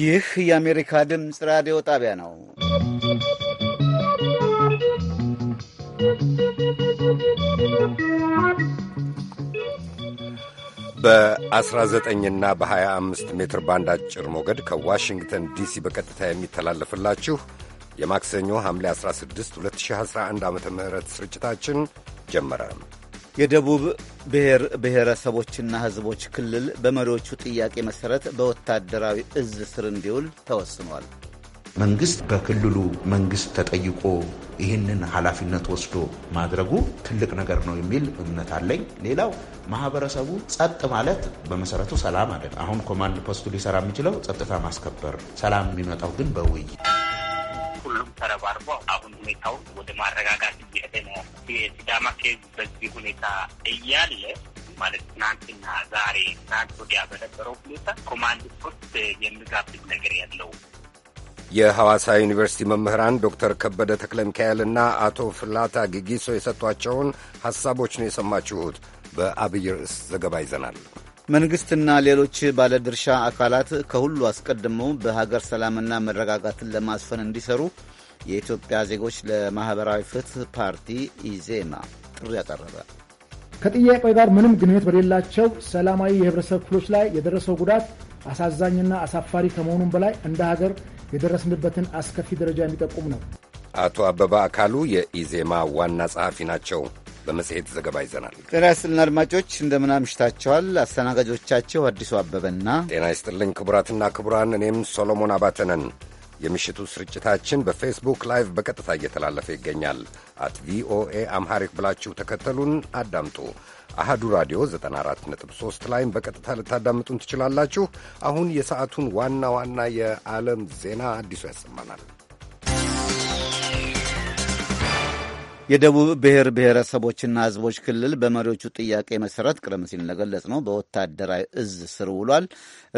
ይህ የአሜሪካ ድምፅ ራዲዮ ጣቢያ ነው። በ19 እና በ25 ሜትር ባንድ አጭር ሞገድ ከዋሽንግተን ዲሲ በቀጥታ የሚተላለፍላችሁ የማክሰኞ ሐምሌ 16 2011 ዓ ም ስርጭታችን ጀመረ። የደቡብ ብሔር ብሔረሰቦችና ሕዝቦች ክልል በመሪዎቹ ጥያቄ መሠረት በወታደራዊ እዝ ስር እንዲውል ተወስኗል። መንግስት በክልሉ መንግስት ተጠይቆ ይህንን ኃላፊነት ወስዶ ማድረጉ ትልቅ ነገር ነው የሚል እምነት አለኝ። ሌላው ማህበረሰቡ ጸጥ ማለት በመሰረቱ ሰላም አለ። አሁን ኮማንድ ፖስቱ ሊሰራ የሚችለው ጸጥታ ማስከበር፣ ሰላም የሚመጣው ግን በውይይት ሁሉም ተረባርቦ አሁን ሁኔታውን ወደ ማረጋጋት እየሄደ ነው። የሲዳማ ኬዝ በዚህ ሁኔታ እያለ ማለት ትናንትና፣ ዛሬ፣ ትናንት ወዲያ በነበረው ሁኔታ ኮማንድ ፖስት የሚጋብዝ ነገር ያለው የሐዋሳ ዩኒቨርሲቲ መምህራን ዶክተር ከበደ ተክለ ሚካኤልና አቶ ፍላታ ጊጊሶ የሰጧቸውን ሐሳቦች ነው የሰማችሁት። በአብይ ርዕስ ዘገባ ይዘናል። መንግስትና ሌሎች ባለድርሻ አካላት ከሁሉ አስቀድመው በሀገር ሰላምና መረጋጋትን ለማስፈን እንዲሰሩ የኢትዮጵያ ዜጎች ለማህበራዊ ፍትህ ፓርቲ ኢዜማ ጥሪ ያቀረበ። ከጥያቄው ጋር ምንም ግንኙነት በሌላቸው ሰላማዊ የህብረተሰብ ክፍሎች ላይ የደረሰው ጉዳት አሳዛኝና አሳፋሪ ከመሆኑም በላይ እንደ ሀገር የደረስንበትን አስከፊ ደረጃ የሚጠቁም ነው። አቶ አበባ አካሉ የኢዜማ ዋና ጸሐፊ ናቸው። በመጽሔት ዘገባ ይዘናል። ጤና ይስጥልን አድማጮች፣ እንደምን አምሽታችኋል? አስተናጋጆቻቸው አዲሱ አበበና ጤና ይስጥልኝ ክቡራትና ክቡራን፣ እኔም ሶሎሞን አባተነን። የምሽቱ ስርጭታችን በፌስቡክ ላይቭ በቀጥታ እየተላለፈ ይገኛል። አት ቪኦኤ አምሃሪክ ብላችሁ ተከተሉን አዳምጡ። አሃዱ ራዲዮ 94.3 ላይም በቀጥታ ልታዳምጡን ትችላላችሁ። አሁን የሰዓቱን ዋና ዋና የዓለም ዜና አዲሱ ያሰማናል። የደቡብ ብሔር ብሔረሰቦችና ህዝቦች ክልል በመሪዎቹ ጥያቄ መሰረት ቀደም ሲል እንደገለጽ ነው በወታደራዊ እዝ ስር ውሏል።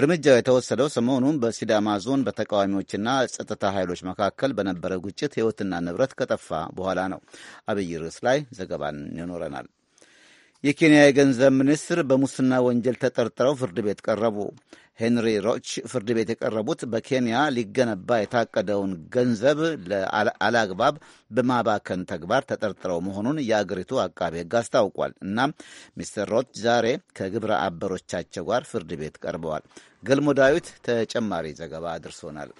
እርምጃው የተወሰደው ሰሞኑን በሲዳማ ዞን በተቃዋሚዎችና ጸጥታ ኃይሎች መካከል በነበረ ግጭት ሕይወትና ንብረት ከጠፋ በኋላ ነው። አብይ ርዕስ ላይ ዘገባን ይኖረናል። የኬንያ የገንዘብ ሚኒስትር በሙስና ወንጀል ተጠርጥረው ፍርድ ቤት ቀረቡ። ሄንሪ ሮች ፍርድ ቤት የቀረቡት በኬንያ ሊገነባ የታቀደውን ገንዘብ አላግባብ በማባከን ተግባር ተጠርጥረው መሆኑን የአገሪቱ አቃቤ ሕግ አስታውቋል። እናም ሚስተር ሮች ዛሬ ከግብረ አበሮቻቸው ጋር ፍርድ ቤት ቀርበዋል። ገልሞ ዳዊት ተጨማሪ ዘገባ አድርሶናል።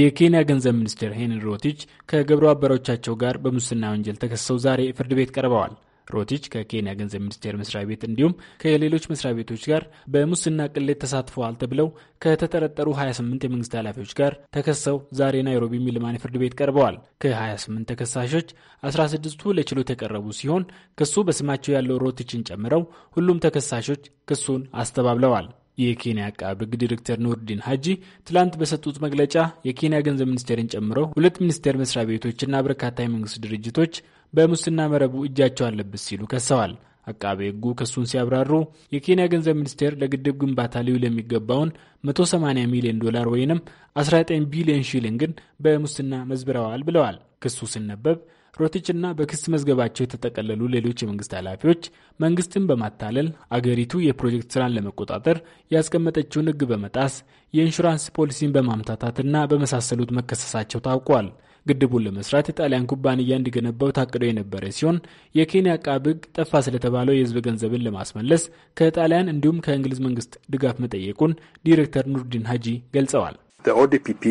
የኬንያ ገንዘብ ሚኒስትር ሄንሪ ሮቲች ከግብረ አበሮቻቸው ጋር በሙስና ወንጀል ተከሰው ዛሬ ፍርድ ቤት ቀርበዋል። ሮቲች ከኬንያ ገንዘብ ሚኒስቴር መስሪያ ቤት እንዲሁም ከሌሎች መስሪያ ቤቶች ጋር በሙስና ቅሌት ተሳትፈዋል ተብለው ከተጠረጠሩ 28 የመንግስት ኃላፊዎች ጋር ተከሰው ዛሬ ናይሮቢ ሚልማኒ ፍርድ ቤት ቀርበዋል። ከ28 ተከሳሾች 16ቱ ለችሎት የቀረቡ ሲሆን ክሱ በስማቸው ያለው ሮቲችን ጨምረው ሁሉም ተከሳሾች ክሱን አስተባብለዋል። የኬንያ አቃቤ ሕግ ዲሬክተር ኑርዲን ሀጂ ትላንት በሰጡት መግለጫ የኬንያ ገንዘብ ሚኒስቴርን ጨምሮ ሁለት ሚኒስቴር መስሪያ ቤቶችና በርካታ የመንግስት ድርጅቶች በሙስና መረቡ እጃቸው አለበት ሲሉ ከሰዋል። አቃቤ ሕጉ ክሱን ሲያብራሩ የኬንያ ገንዘብ ሚኒስቴር ለግድብ ግንባታ ሊውል የሚገባውን 180 ሚሊዮን ዶላር ወይንም 19 ቢሊዮን ሺሊንግን በሙስና መዝብረዋል ብለዋል። ክሱ ሲነበብ ሮቲችና በክስ መዝገባቸው የተጠቀለሉ ሌሎች የመንግስት ኃላፊዎች መንግስትን በማታለል አገሪቱ የፕሮጀክት ስራን ለመቆጣጠር ያስቀመጠችውን ህግ በመጣስ የኢንሹራንስ ፖሊሲን በማምታታትና በመሳሰሉት መከሰሳቸው ታውቋል። ግድቡን ለመስራት የጣሊያን ኩባንያ እንዲገነባው ታቅዶ የነበረ ሲሆን የኬንያ አቃቤ ጠፋ ስለተባለው የህዝብ ገንዘብን ለማስመለስ ከጣሊያን እንዲሁም ከእንግሊዝ መንግስት ድጋፍ መጠየቁን ዲሬክተር ኑርዲን ሀጂ ገልጸዋል። ኦዲፒፒ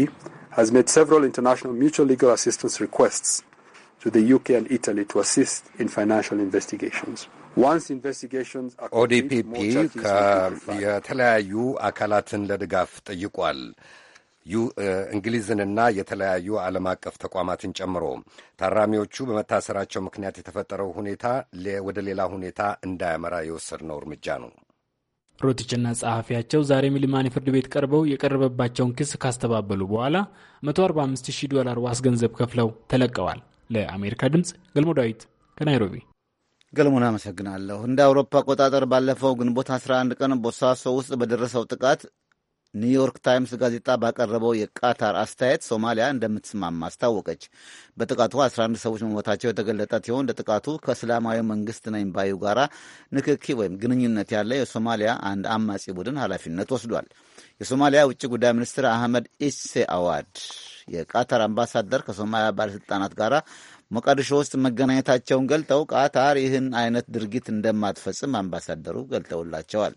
has made several international mutual ኦዲፒፒ uh, የተለያዩ አካላትን ለድጋፍ ጠይቋል። uh, እንግሊዝንና የተለያዩ ዓለም አቀፍ ተቋማትን ጨምሮ ታራሚዎቹ በመታሰራቸው ምክንያት የተፈጠረው ሁኔታ ወደ ሌላ ሁኔታ እንዳያመራ የወሰድነው እርምጃ ነው። ሮቲችና ጸሐፊያቸው ዛሬ ሚሊማኒ ፍርድ ቤት ቀርበው የቀረበባቸውን ክስ ካስተባበሉ በኋላ 145 ዶላር ዋስ ገንዘብ ከፍለው ተለቀዋል። ለአሜሪካ ድምፅ ገልሞ ዳዊት ከናይሮቢ። ገልሞን አመሰግናለሁ። እንደ አውሮፓ አቆጣጠር ባለፈው ግንቦት 11 ቀን ቦሳሶ ውስጥ በደረሰው ጥቃት ኒውዮርክ ታይምስ ጋዜጣ ባቀረበው የቃታር አስተያየት ሶማሊያ እንደምትስማማ አስታወቀች። በጥቃቱ 11 ሰዎች መሞታቸው የተገለጠ ሲሆን ለጥቃቱ ከእስላማዊ መንግስት ነኝ ባዩ ጋራ ንክኪ ወይም ግንኙነት ያለ የሶማሊያ አንድ አማጺ ቡድን ኃላፊነት ወስዷል። የሶማሊያ ውጭ ጉዳይ ሚኒስትር አህመድ ኢሴ አዋድ የቃታር አምባሳደር ከሶማሊያ ባለሥልጣናት ጋር ሞቃዲሾ ውስጥ መገናኘታቸውን ገልጠው ቃታር ይህን አይነት ድርጊት እንደማትፈጽም አምባሳደሩ ገልጠውላቸዋል።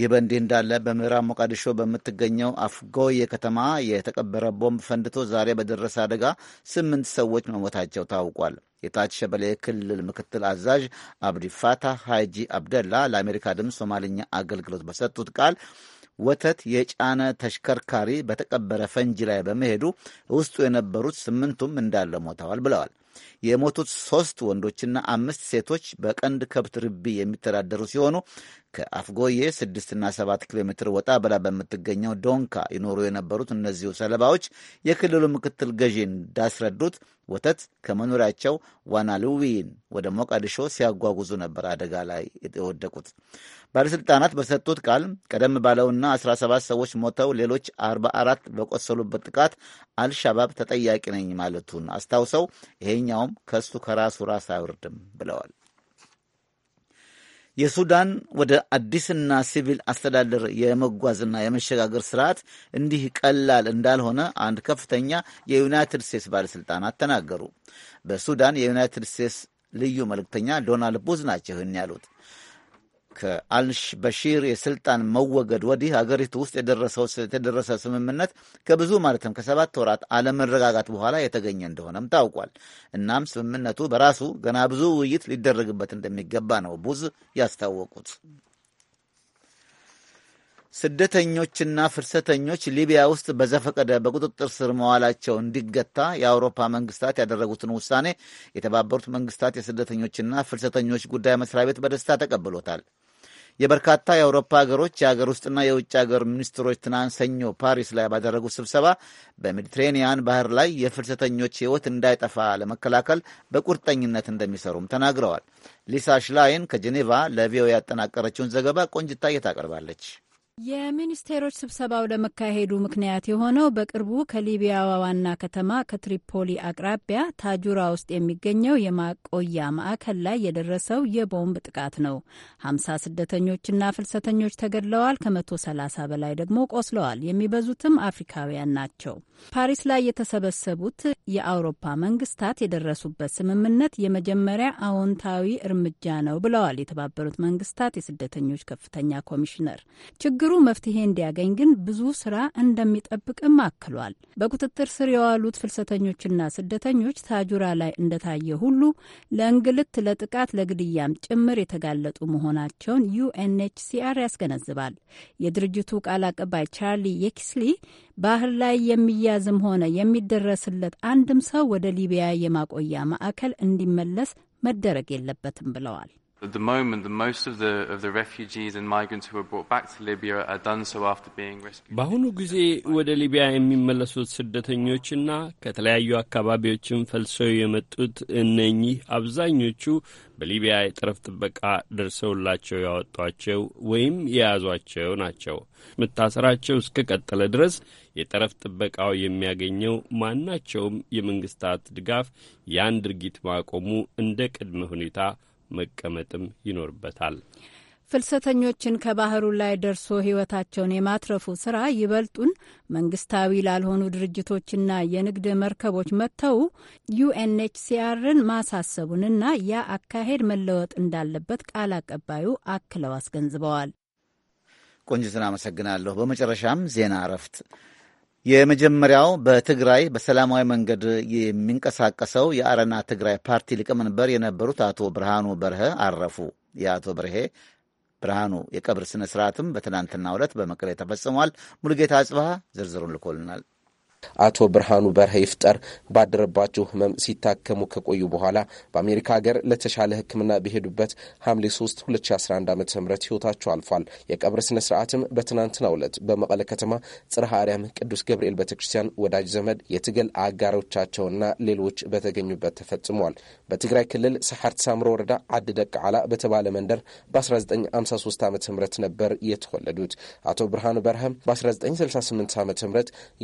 ይህ በእንዲህ እንዳለ በምዕራብ ሞቃዲሾ በምትገኘው አፍጎዬ ከተማ የተቀበረ ቦምብ ፈንድቶ ዛሬ በደረሰ አደጋ ስምንት ሰዎች መሞታቸው ታውቋል። የታች ሸበሌ ክልል ምክትል አዛዥ አብዲ ፋታህ ሃጂ አብደላ ለአሜሪካ ድምፅ ሶማልኛ አገልግሎት በሰጡት ቃል ወተት የጫነ ተሽከርካሪ በተቀበረ ፈንጂ ላይ በመሄዱ ውስጡ የነበሩት ስምንቱም እንዳለ ሞተዋል ብለዋል። የሞቱት ሦስት ወንዶችና አምስት ሴቶች በቀንድ ከብት ርቢ የሚተዳደሩ ሲሆኑ ከአፍጎዬ ስድስትና ሰባት ኪሎ ሜትር ወጣ ብላ በምትገኘው ዶንካ ይኖሩ የነበሩት እነዚሁ ሰለባዎች የክልሉ ምክትል ገዢ እንዳስረዱት ወተት ከመኖሪያቸው ዋና ልዊን ወደ ሞቃዲሾ ሲያጓጉዙ ነበር አደጋ ላይ የወደቁት። ባለሥልጣናት በሰጡት ቃል ቀደም ባለውና 17 ሰዎች ሞተው ሌሎች 44 በቆሰሉበት ጥቃት አልሻባብ ተጠያቂ ነኝ ማለቱን አስታውሰው ይሄ ማንኛውም ከእሱ ከራሱ ራስ አይወርድም ብለዋል። የሱዳን ወደ አዲስና ሲቪል አስተዳደር የመጓዝና የመሸጋገር ስርዓት እንዲህ ቀላል እንዳልሆነ አንድ ከፍተኛ የዩናይትድ ስቴትስ ባለሥልጣናት ተናገሩ። በሱዳን የዩናይትድ ስቴትስ ልዩ መልእክተኛ ዶናልድ ቡዝ ናቸው ይህን ያሉት። በሺር የስልጣን መወገድ ወዲህ ሀገሪቱ ውስጥ የተደረሰ ስምምነት ከብዙ ማለትም ከሰባት ወራት አለመረጋጋት በኋላ የተገኘ እንደሆነም ታውቋል። እናም ስምምነቱ በራሱ ገና ብዙ ውይይት ሊደረግበት እንደሚገባ ነው ቡዝ ያስታወቁት። ስደተኞችና ፍልሰተኞች ሊቢያ ውስጥ በዘፈቀደ በቁጥጥር ስር መዋላቸው እንዲገታ የአውሮፓ መንግስታት ያደረጉትን ውሳኔ የተባበሩት መንግስታት የስደተኞችና ፍልሰተኞች ጉዳይ መስሪያ ቤት በደስታ ተቀብሎታል። የበርካታ የአውሮፓ ሀገሮች የሀገር ውስጥና የውጭ ሀገር ሚኒስትሮች ትናንት ሰኞ ፓሪስ ላይ ባደረጉት ስብሰባ በሜዲትሬኒያን ባህር ላይ የፍልሰተኞች ሕይወት እንዳይጠፋ ለመከላከል በቁርጠኝነት እንደሚሰሩም ተናግረዋል። ሊሳ ሽላይን ከጄኔቫ ለቪኦኤ ያጠናቀረችውን ዘገባ ቆንጅታ ታቀርባለች። የሚኒስቴሮች ስብሰባው ለመካሄዱ ምክንያት የሆነው በቅርቡ ከሊቢያዋ ዋና ከተማ ከትሪፖሊ አቅራቢያ ታጁራ ውስጥ የሚገኘው የማቆያ ማዕከል ላይ የደረሰው የቦምብ ጥቃት ነው። ሀምሳ ስደተኞችና ፍልሰተኞች ተገድለዋል። ከመቶ ሰላሳ በላይ ደግሞ ቆስለዋል። የሚበዙትም አፍሪካውያን ናቸው። ፓሪስ ላይ የተሰበሰቡት የአውሮፓ መንግስታት የደረሱበት ስምምነት የመጀመሪያ አዎንታዊ እርምጃ ነው ብለዋል የተባበሩት መንግስታት የስደተኞች ከፍተኛ ኮሚሽነር ችግ ችግሩ መፍትሄ እንዲያገኝ ግን ብዙ ስራ እንደሚጠብቅም አክሏል። በቁጥጥር ስር የዋሉት ፍልሰተኞችና ስደተኞች ታጁራ ላይ እንደታየ ሁሉ ለእንግልት፣ ለጥቃት፣ ለግድያም ጭምር የተጋለጡ መሆናቸውን ዩኤንኤችሲአር ያስገነዝባል። የድርጅቱ ቃል አቀባይ ቻርሊ የኪስሊ ባህር ላይ የሚያዝም ሆነ የሚደረስለት አንድም ሰው ወደ ሊቢያ የማቆያ ማዕከል እንዲመለስ መደረግ የለበትም ብለዋል። At the moment, most of the, of the refugees and migrants who were brought back to Libya are done so after being rescued. በአሁኑ ጊዜ ወደ ሊቢያ የሚመለሱት ስደተኞችና ከተለያዩ አካባቢዎችም ፈልሰው የመጡት እነኚህ አብዛኞቹ በሊቢያ የጠረፍ ጥበቃ ደርሰውላቸው ያወጧቸው ወይም የያዟቸው ናቸው። መታሰራቸው ቀጠለ ድረስ የጠረፍ ጥበቃው የሚያገኘው ማናቸውም የመንግስታት ድጋፍ ያን ድርጊት ማቆሙ እንደ ቅድመ ሁኔታ መቀመጥም ይኖርበታል። ፍልሰተኞችን ከባህሩ ላይ ደርሶ ሕይወታቸውን የማትረፉ ስራ ይበልጡን መንግስታዊ ላልሆኑ ድርጅቶችና የንግድ መርከቦች መጥተው ዩኤንኤችሲአርን ማሳሰቡንና ያ አካሄድ መለወጥ እንዳለበት ቃል አቀባዩ አክለው አስገንዝበዋል። ቆንጅትን አመሰግናለሁ። በመጨረሻም ዜና እረፍት የመጀመሪያው በትግራይ በሰላማዊ መንገድ የሚንቀሳቀሰው የአረና ትግራይ ፓርቲ ሊቀመንበር የነበሩት አቶ ብርሃኑ በርሀ አረፉ። የአቶ በርሄ ብርሃኑ የቀብር ስነ ስርዓትም በትናንትናው ዕለት በመቀሌ ተፈጽሟል። ሙሉጌታ አጽባሃ ዝርዝሩን ልኮልናል። አቶ ብርሃኑ በርሀ ይፍጠር ባደረባቸው ህመም ሲታከሙ ከቆዩ በኋላ በአሜሪካ ሀገር ለተሻለ ሕክምና በሄዱበት ሐምሌ 3 2011 ዓ ም ህይወታቸው አልፏል። የቀብር ስነ ስርዓትም በትናንትናው ዕለት በመቀለ ከተማ ጽርሐ አርያም ቅዱስ ገብርኤል ቤተ ክርስቲያን ወዳጅ ዘመድ፣ የትግል አጋሮቻቸውና ሌሎች በተገኙበት ተፈጽሟል። በትግራይ ክልል ሰሓርት ሳምሮ ወረዳ ዓዲ ደቅ ዓላ በተባለ መንደር በ1953 ዓ ም ነበር የተወለዱት። አቶ ብርሃኑ በርሀም በ1968 ዓ ም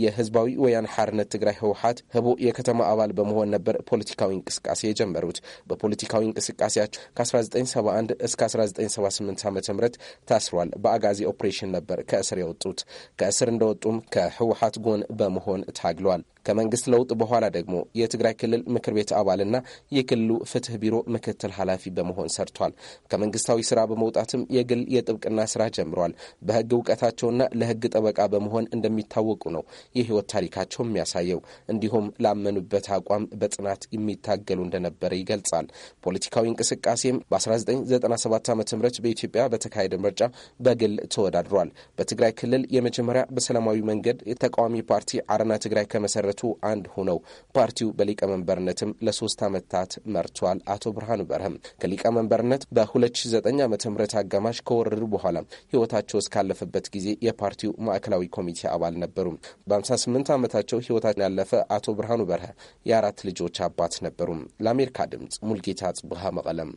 የህዝባዊ ወያነ ሓርነት ትግራይ ህወሓት ህቡዕ የከተማ አባል በመሆን ነበር ፖለቲካዊ እንቅስቃሴ የጀመሩት። በፖለቲካዊ እንቅስቃሴያቸው ከ1971 እስከ 1978 ዓ ም ታስሯል። በአጋዜ ኦፕሬሽን ነበር ከእስር የወጡት። ከእስር እንደወጡም ከህወሓት ጎን በመሆን ታግሏል። ከመንግስት ለውጥ በኋላ ደግሞ የትግራይ ክልል ምክር ቤት አባልና የክልሉ ፍትህ ቢሮ ምክትል ኃላፊ በመሆን ሰርቷል። ከመንግስታዊ ስራ በመውጣትም የግል የጥብቅና ስራ ጀምሯል። በህግ እውቀታቸውና ለህግ ጠበቃ በመሆን እንደሚታወቁ ነው የህይወት ታሪካቸው የሚያሳየው። እንዲሁም ላመኑበት አቋም በጽናት የሚታገሉ እንደነበረ ይገልጻል። ፖለቲካዊ እንቅስቃሴም በ1997 ዓ ም በኢትዮጵያ በተካሄደ ምርጫ በግል ተወዳድሯል። በትግራይ ክልል የመጀመሪያ በሰላማዊ መንገድ የተቃዋሚ ፓርቲ አረና ትግራይ ከመሰረቱ ሁለቱ አንድ ሆነው ፓርቲው በሊቀመንበርነትም ለሶስት ዓመታት መርቷል። አቶ ብርሃኑ በርህም ከሊቀመንበርነት በ2009 ዓ ም አጋማሽ ከወረዱ በኋላ ህይወታቸው እስካለፈበት ጊዜ የፓርቲው ማዕከላዊ ኮሚቴ አባል ነበሩ። በ58 ዓመታቸው ህይወታቸው ያለፈ አቶ ብርሃኑ በርህ የአራት ልጆች አባት ነበሩ። ለአሜሪካ ድምፅ ሙልጌታ ጽቡሃ መቀለም።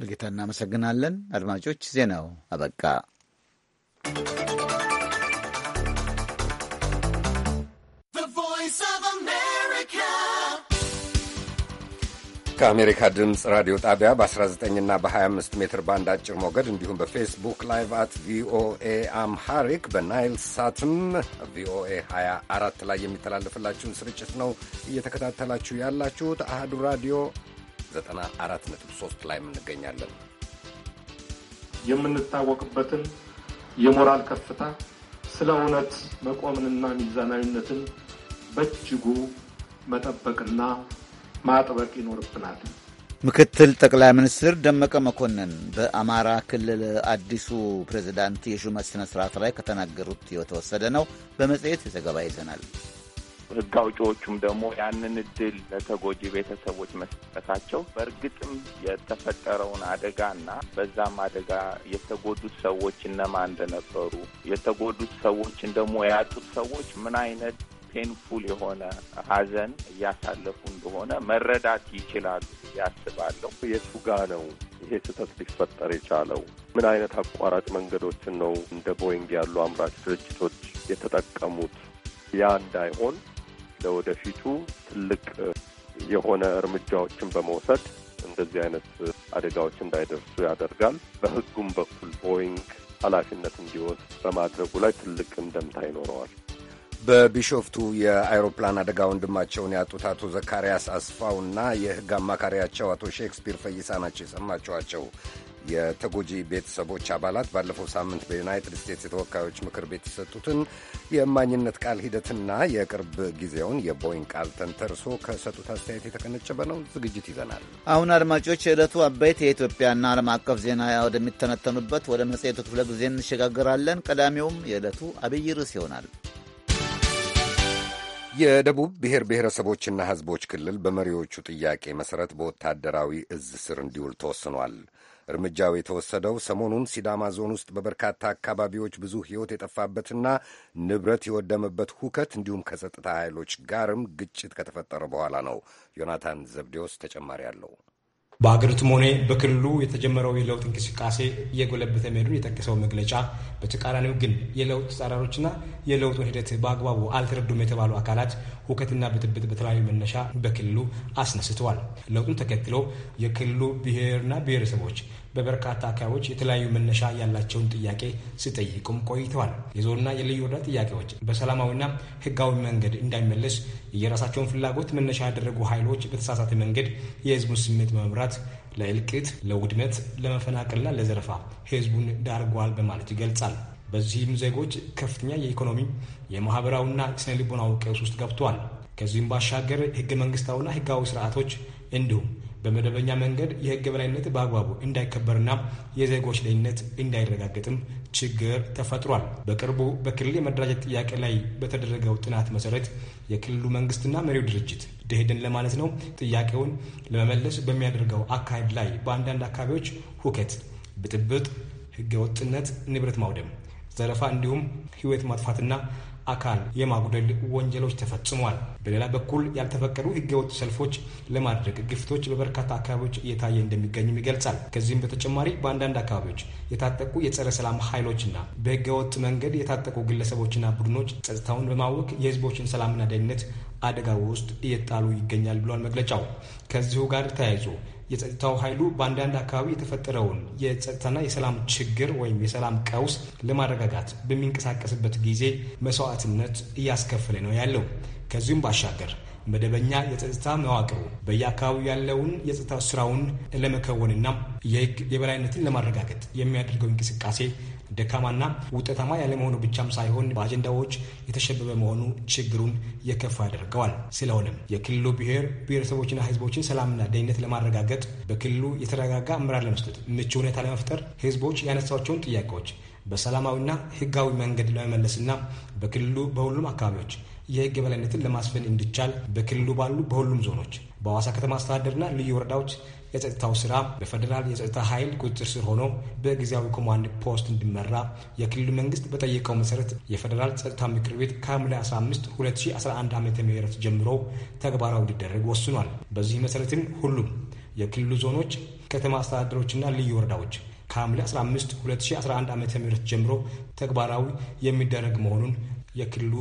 ሙልጌታ እናመሰግናለን። አድማጮች ዜናው አበቃ። ከአሜሪካ ድምፅ ራዲዮ ጣቢያ በ19ና በ25 ሜትር ባንድ አጭር ሞገድ እንዲሁም በፌስቡክ ላይቭ አት ቪኦኤ አምሃሪክ በናይል ሳትም ቪኦኤ 24 ላይ የሚተላለፍላችሁን ስርጭት ነው እየተከታተላችሁ ያላችሁት። አህዱ ራዲዮ 94.3 ላይ እንገኛለን። የምንታወቅበትን የሞራል ከፍታ ስለ እውነት መቆምንና ሚዛናዊነትን በእጅጉ መጠበቅና ማጥበቅ ይኖርብናል። ምክትል ጠቅላይ ሚኒስትር ደመቀ መኮንን በአማራ ክልል አዲሱ ፕሬዝዳንት የሹመት ስነ ስርዓት ላይ ከተናገሩት የተወሰደ ነው። በመጽሔት ዘገባ ይዘናል። ህግ አውጪዎቹም ደግሞ ያንን እድል ለተጎጂ ቤተሰቦች መስጠታቸው በእርግጥም የተፈጠረውን አደጋና በዛም አደጋ የተጎዱት ሰዎች እነማን እንደነበሩ የተጎዱት ሰዎችን ደግሞ ያጡት ሰዎች ምን አይነት ፔንፉል የሆነ ሀዘን እያሳለፉ እንደሆነ መረዳት ይችላሉ ያስባለሁ። የቱ ጋ ነው ይሄ ስህተት ሊፈጠር የቻለው? ምን አይነት አቋራጭ መንገዶችን ነው እንደ ቦይንግ ያሉ አምራች ድርጅቶች የተጠቀሙት? ያ እንዳይሆን ለወደፊቱ ትልቅ የሆነ እርምጃዎችን በመውሰድ እንደዚህ አይነት አደጋዎች እንዳይደርሱ ያደርጋል። በህጉም በኩል ቦይንግ ኃላፊነት እንዲወስድ በማድረጉ ላይ ትልቅ እንደምታ ይኖረዋል። በቢሾፍቱ የአይሮፕላን አደጋ ወንድማቸውን ያጡት አቶ ዘካርያስ አስፋውና የሕግ አማካሪያቸው አቶ ሼክስፒር ፈይሳ ናቸው የሰማችኋቸው። የተጎጂ ቤተሰቦች አባላት ባለፈው ሳምንት በዩናይትድ ስቴትስ የተወካዮች ምክር ቤት የሰጡትን የእማኝነት ቃል ሂደትና የቅርብ ጊዜውን የቦይንግ ቃል ተንተርሶ ከሰጡት አስተያየት የተቀነጨበ ነው። ዝግጅት ይዘናል። አሁን አድማጮች፣ የዕለቱ አበይት የኢትዮጵያና ዓለም አቀፍ ዜና ወደሚተነተኑበት ወደ መጽሔቱ ክፍለ ጊዜ እንሸጋግራለን። ቀዳሚውም የዕለቱ አብይ ርዕስ ይሆናል። የደቡብ ብሔር ብሔረሰቦችና ሕዝቦች ክልል በመሪዎቹ ጥያቄ መሠረት በወታደራዊ እዝ ስር እንዲውል ተወስኗል። እርምጃው የተወሰደው ሰሞኑን ሲዳማ ዞን ውስጥ በበርካታ አካባቢዎች ብዙ ሕይወት የጠፋበትና ንብረት የወደመበት ሁከት እንዲሁም ከጸጥታ ኃይሎች ጋርም ግጭት ከተፈጠረ በኋላ ነው። ዮናታን ዘብዴዎስ ተጨማሪ አለው። በሀገሪቱም ሆነ በክልሉ የተጀመረው የለውጥ እንቅስቃሴ እየጎለበተ መሄዱን የጠቀሰው መግለጫ በተቃራኒው ግን የለውጥ ተጻራሪዎችና የለውጡን ሂደት በአግባቡ አልተረዱም የተባሉ አካላት ሁከትና ብጥብጥ በተለያዩ መነሻ በክልሉ አስነስተዋል። ለውጡን ተከትሎ የክልሉ ብሔርና ብሔረሰቦች በበርካታ አካባቢዎች የተለያዩ መነሻ ያላቸውን ጥያቄ ሲጠይቁም ቆይተዋል። የዞንና የልዩ ወረዳ ጥያቄዎች በሰላማዊና ሕጋዊ መንገድ እንዳይመለስ የራሳቸውን ፍላጎት መነሻ ያደረጉ ኃይሎች በተሳሳተ መንገድ የሕዝቡን ስሜት መምራት ለእልቂት፣ ለውድመት፣ ለመፈናቀልና ለዘረፋ ሕዝቡን ዳርጓል በማለት ይገልጻል። በዚህም ዜጎች ከፍተኛ የኢኮኖሚ የማህበራዊና ስነ ልቦናዊ ቀውስ ውስጥ ገብተዋል። ከዚህም ባሻገር ህገ መንግስታዊና ህጋዊ ስርዓቶች እንዲሁም በመደበኛ መንገድ የህግ በላይነት በአግባቡ እንዳይከበርና የዜጎች ደህንነት እንዳይረጋገጥም ችግር ተፈጥሯል። በቅርቡ በክልል የመደራጀት ጥያቄ ላይ በተደረገው ጥናት መሰረት የክልሉ መንግስትና መሪው ድርጅት ደሄድን ለማለት ነው ጥያቄውን ለመመለስ በሚያደርገው አካሄድ ላይ በአንዳንድ አካባቢዎች ሁከት፣ ብጥብጥ፣ ህገወጥነት፣ ንብረት ማውደም፣ ዘረፋ እንዲሁም ህይወት ማጥፋትና አካል የማጉደል ወንጀሎች ተፈጽሟል። በሌላ በኩል ያልተፈቀዱ ህገወጥ ሰልፎች ለማድረግ ግፊቶች በበርካታ አካባቢዎች እየታየ እንደሚገኝም ይገልጻል። ከዚህም በተጨማሪ በአንዳንድ አካባቢዎች የታጠቁ የጸረ ሰላም ኃይሎችና በህገወጥ መንገድ የታጠቁ ግለሰቦችና ቡድኖች ጸጥታውን በማወክ የህዝቦችን ሰላምና ደህንነት አደጋ ውስጥ እየጣሉ ይገኛል ብሏል መግለጫው። ከዚሁ ጋር ተያይዞ የጸጥታው ኃይሉ በአንዳንድ አካባቢ የተፈጠረውን የጸጥታና የሰላም ችግር ወይም የሰላም ቀውስ ለማረጋጋት በሚንቀሳቀስበት ጊዜ መስዋዕትነት እያስከፈለ ነው ያለው። ከዚሁም ባሻገር መደበኛ የጸጥታ መዋቅሩ በየአካባቢው ያለውን የጸጥታ ስራውን ለመከወንና የህግ የበላይነትን ለማረጋገጥ የሚያደርገው እንቅስቃሴ ደካማና ውጤታማ ያለመሆኑ ብቻም ሳይሆን በአጀንዳዎች የተሸበበ መሆኑ ችግሩን የከፋ ያደርገዋል። ስለሆነም የክልሉ ብሔር ብሔረሰቦችና ህዝቦችን ሰላምና ደህንነት ለማረጋገጥ በክልሉ የተረጋጋ አመራር ለመስጠት ምቹ ሁኔታ ለመፍጠር ህዝቦች ያነሳቸውን ጥያቄዎች በሰላማዊና ህጋዊ መንገድ ለመመለስና በክልሉ በሁሉም አካባቢዎች የህግ የበላይነትን ለማስፈን እንዲቻል በክልሉ ባሉ በሁሉም ዞኖች በሐዋሳ ከተማ አስተዳደርና ልዩ ወረዳዎች የጸጥታው ስራ በፌዴራል የጸጥታ ኃይል ቁጥጥር ስር ሆኖ በጊዜያዊ ኮማንድ ፖስት እንዲመራ የክልሉ መንግስት በጠየቀው መሰረት የፌዴራል ጸጥታ ምክር ቤት ከሐምሌ 15 2011 ዓ ም ጀምሮ ተግባራዊ እንዲደረግ ወስኗል። በዚህ መሰረትም ሁሉም የክልሉ ዞኖች፣ ከተማ አስተዳደሮችና ልዩ ወረዳዎች ከሐምሌ 15 2011 ዓ ም ጀምሮ ተግባራዊ የሚደረግ መሆኑን የክልሉ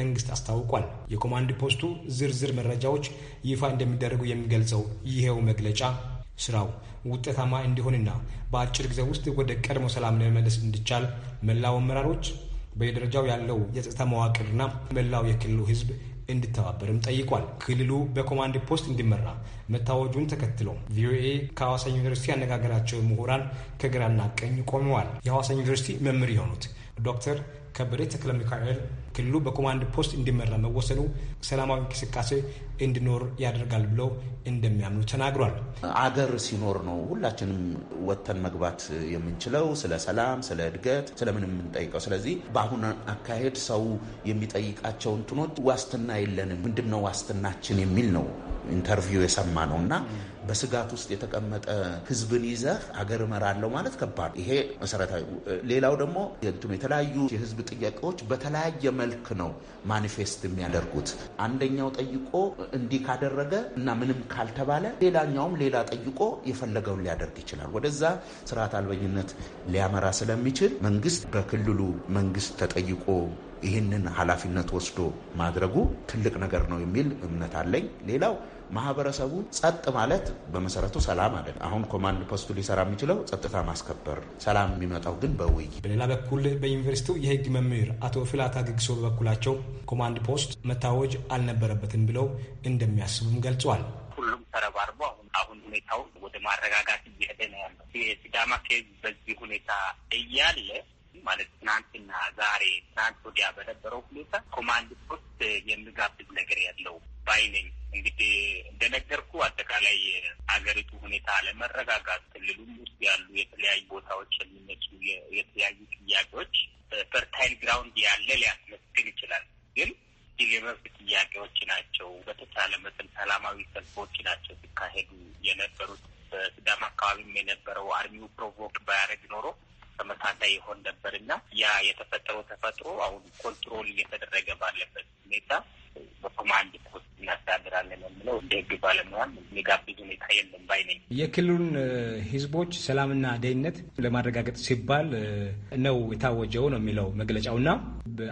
መንግስት አስታውቋል። የኮማንድ ፖስቱ ዝርዝር መረጃዎች ይፋ እንደሚደረጉ የሚገልጸው ይሄው መግለጫ ስራው ውጤታማ እንዲሆንና በአጭር ጊዜ ውስጥ ወደ ቀድሞ ሰላም ለመመለስ እንዲቻል መላው አመራሮች በየደረጃው ያለው የጸጥታ መዋቅርና መላው የክልሉ ህዝብ እንዲተባበርም ጠይቋል። ክልሉ በኮማንድ ፖስት እንዲመራ መታወጁን ተከትሎ ቪኦኤ ከሐዋሳ ዩኒቨርሲቲ ያነጋገራቸው ምሁራን ከግራና ቀኝ ቆመዋል። የሐዋሳ ዩኒቨርሲቲ መምህር የሆኑት ዶክተር ከበደ ተክለ ሚካኤል ክልሉ በኮማንድ ፖስት እንዲመራ መወሰኑ ሰላማዊ እንቅስቃሴ እንዲኖር ያደርጋል ብለው እንደሚያምኑ ተናግሯል። አገር ሲኖር ነው ሁላችንም ወጥተን መግባት የምንችለው ስለ ሰላም፣ ስለ እድገት፣ ስለምን የምንጠይቀው። ስለዚህ በአሁን አካሄድ ሰው የሚጠይቃቸው እንትኖች ዋስትና የለንም። ምንድን ነው ዋስትናችን የሚል ነው ኢንተርቪው የሰማ ነው እና በስጋት ውስጥ የተቀመጠ ህዝብን ይዘህ አገር እመራለሁ ማለት ከባድ። ይሄ መሰረታዊ። ሌላው ደግሞ እንትኑ የተለያዩ የህዝብ ጥያቄዎች በተለያየ መልክ ነው ማኒፌስት የሚያደርጉት። አንደኛው ጠይቆ እንዲህ ካደረገ እና ምንም ካልተባለ ሌላኛውም ሌላ ጠይቆ የፈለገውን ሊያደርግ ይችላል። ወደዛ ስርዓት አልበኝነት ሊያመራ ስለሚችል መንግስት በክልሉ መንግስት ተጠይቆ ይህንን ኃላፊነት ወስዶ ማድረጉ ትልቅ ነገር ነው የሚል እምነት አለኝ። ሌላው ማህበረሰቡ ጸጥ ማለት በመሰረቱ ሰላም አለ። አሁን ኮማንድ ፖስቱ ሊሰራ የሚችለው ጸጥታ ማስከበር፣ ሰላም የሚመጣው ግን በውይይት። በሌላ በኩል በዩኒቨርሲቲው የህግ መምህር አቶ ፍላታ ግግሶ በበኩላቸው ኮማንድ ፖስት መታወጅ አልነበረበትም ብለው እንደሚያስቡም ገልጿል። ሁሉም ተረባርቦ አሁን ሁኔታው ወደ ማረጋጋት እየሄደ ነው ያለው። የሲዳማ ኬዝ በዚህ ሁኔታ እያለ ማለት ትናንትና ዛሬ ትናንት ወዲያ በነበረው ሁኔታ ኮማንድ ፖስት የሚጋብዝ ነገር ያለው ባይነኝ እንግዲህ እንደነገርኩ አጠቃላይ ሀገሪቱ ሁኔታ አለመረጋጋት፣ ክልሉም ውስጥ ያሉ የተለያዩ ቦታዎች የሚነሱ የተለያዩ ጥያቄዎች ፈርታይል ግራውንድ ያለ ሊያስመስግን ይችላል ግን የመብት ጥያቄዎች ናቸው። በተቻለ መጠን ሰላማዊ ሰልፎች ናቸው ሲካሄዱ የነበሩት። በስዳም አካባቢም የነበረው አርሚው ፕሮቮክ ባያደርግ ኖሮ ተመሳሳይ ይሆን ነበር እና ያ የተፈጠረው ተፈጥሮ አሁን ኮንትሮል እየተደረገ ባለበት ሁኔታ በኮማንድ ፖስት እናስተዳድራለን የምለው እንደ ህግ ባለሙያም የሚጋብዝ ሁኔታ የለም ባይ ነኝ። የክልሉን ህዝቦች ሰላምና ደህንነት ለማረጋገጥ ሲባል ነው የታወጀው ነው የሚለው መግለጫው እና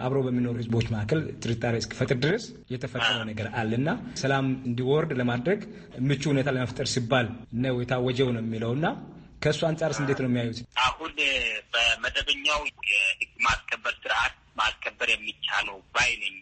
አብሮ በሚኖሩ ህዝቦች መካከል ጥርጣሬ እስኪፈጥር ድረስ የተፈጠረ ነገር አለና ሰላም እንዲወርድ ለማድረግ ምቹ ሁኔታ ለመፍጠር ሲባል ነው የታወጀው ነው የሚለው እና ከእሱ አንጻርስ እንዴት ነው የሚያዩት? አሁን በመደበኛው የህግ ማስከበር ስርዓት ማስከበር የሚቻለው ባይ ነኝ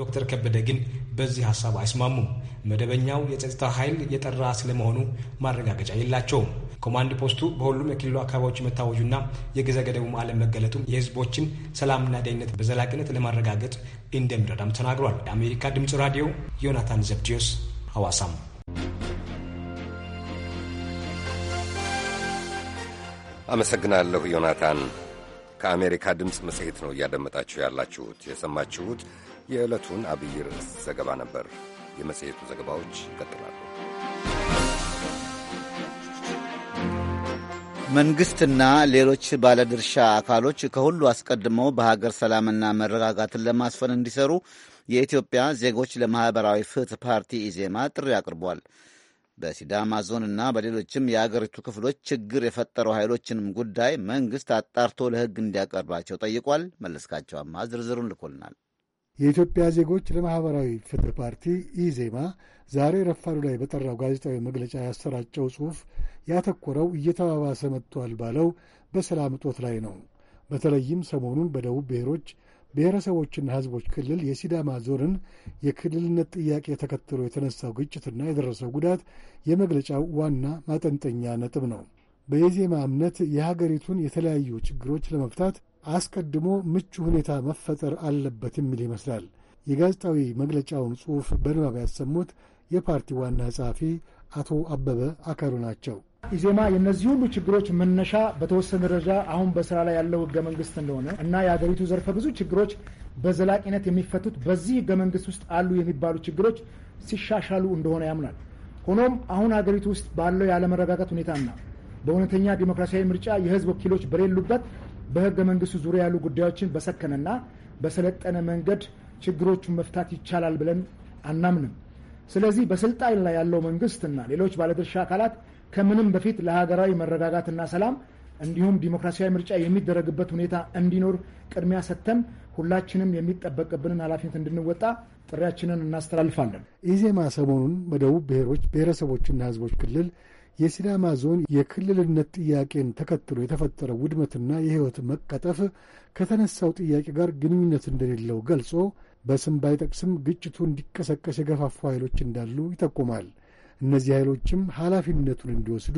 ዶክተር ከበደ ግን በዚህ ሀሳብ አይስማሙም። መደበኛው የጸጥታ ኃይል የጠራ ስለመሆኑ ማረጋገጫ የላቸውም። ኮማንድ ፖስቱ በሁሉም የክልሉ አካባቢዎች መታወጁና የጊዜ ገደቡ አለመገለጡ የህዝቦችን ሰላምና ደህንነት በዘላቂነት ለማረጋገጥ እንደሚረዳም ተናግሯል። የአሜሪካ ድምፅ ራዲዮ፣ ዮናታን ዘብድዮስ ሐዋሳም። አመሰግናለሁ ዮናታን። ከአሜሪካ ድምፅ መጽሔት ነው እያደመጣችሁ ያላችሁት የሰማችሁት የዕለቱን አብይ ርዕስ ዘገባ ነበር። የመጽሔቱ ዘገባዎች ይቀጥላሉ። መንግሥትና ሌሎች ባለድርሻ አካሎች ከሁሉ አስቀድመው በሀገር ሰላምና መረጋጋትን ለማስፈን እንዲሰሩ የኢትዮጵያ ዜጎች ለማኅበራዊ ፍትህ ፓርቲ ኢዜማ ጥሪ አቅርቧል። በሲዳማ ዞንና በሌሎችም የአገሪቱ ክፍሎች ችግር የፈጠሩ ኃይሎችንም ጉዳይ መንግሥት አጣርቶ ለሕግ እንዲያቀርባቸው ጠይቋል። መለስካቸው አማ ዝርዝሩን ልኮልናል። የኢትዮጵያ ዜጎች ለማኅበራዊ ፍትህ ፓርቲ ኢዜማ ዛሬ ረፋዱ ላይ በጠራው ጋዜጣዊ መግለጫ ያሰራጨው ጽሑፍ ያተኮረው እየተባባሰ መጥቷል ባለው በሰላም እጦት ላይ ነው። በተለይም ሰሞኑን በደቡብ ብሔሮች ብሔረሰቦችና ሕዝቦች ክልል የሲዳማ ዞንን የክልልነት ጥያቄ ተከትሎ የተነሳው ግጭትና የደረሰው ጉዳት የመግለጫው ዋና ማጠንጠኛ ነጥብ ነው። በኢዜማ እምነት የሀገሪቱን የተለያዩ ችግሮች ለመፍታት አስቀድሞ ምቹ ሁኔታ መፈጠር አለበት የሚል ይመስላል። የጋዜጣዊ መግለጫውን ጽሑፍ በንባብ ያሰሙት የፓርቲ ዋና ጸሐፊ አቶ አበበ አካሉ ናቸው። ኢዜማ የእነዚህ ሁሉ ችግሮች መነሻ በተወሰነ ደረጃ አሁን በስራ ላይ ያለው ህገ መንግስት እንደሆነ እና የሀገሪቱ ዘርፈ ብዙ ችግሮች በዘላቂነት የሚፈቱት በዚህ ህገ መንግስት ውስጥ አሉ የሚባሉ ችግሮች ሲሻሻሉ እንደሆነ ያምናል። ሆኖም አሁን ሀገሪቱ ውስጥ ባለው ያለመረጋጋት ሁኔታና በእውነተኛ ዲሞክራሲያዊ ምርጫ የህዝብ ወኪሎች በሌሉበት በህገ መንግስቱ ዙሪያ ያሉ ጉዳዮችን በሰከነና በሰለጠነ መንገድ ችግሮቹን መፍታት ይቻላል ብለን አናምንም። ስለዚህ በስልጣን ላይ ያለው መንግስትና ሌሎች ባለድርሻ አካላት ከምንም በፊት ለሀገራዊ መረጋጋትና ሰላም እንዲሁም ዲሞክራሲያዊ ምርጫ የሚደረግበት ሁኔታ እንዲኖር ቅድሚያ ሰጥተን ሁላችንም የሚጠበቅብንን ኃላፊነት እንድንወጣ ጥሪያችንን እናስተላልፋለን። ኢዜማ ሰሞኑን በደቡብ ብሔሮች ብሔረሰቦችና ህዝቦች ክልል የሲዳማ ዞን የክልልነት ጥያቄን ተከትሎ የተፈጠረው ውድመትና የሕይወት መቀጠፍ ከተነሳው ጥያቄ ጋር ግንኙነት እንደሌለው ገልጾ በስም ባይጠቅስም ግጭቱ እንዲቀሰቀስ የገፋፉ ኃይሎች እንዳሉ ይጠቁማል። እነዚህ ኃይሎችም ኃላፊነቱን እንዲወስዱ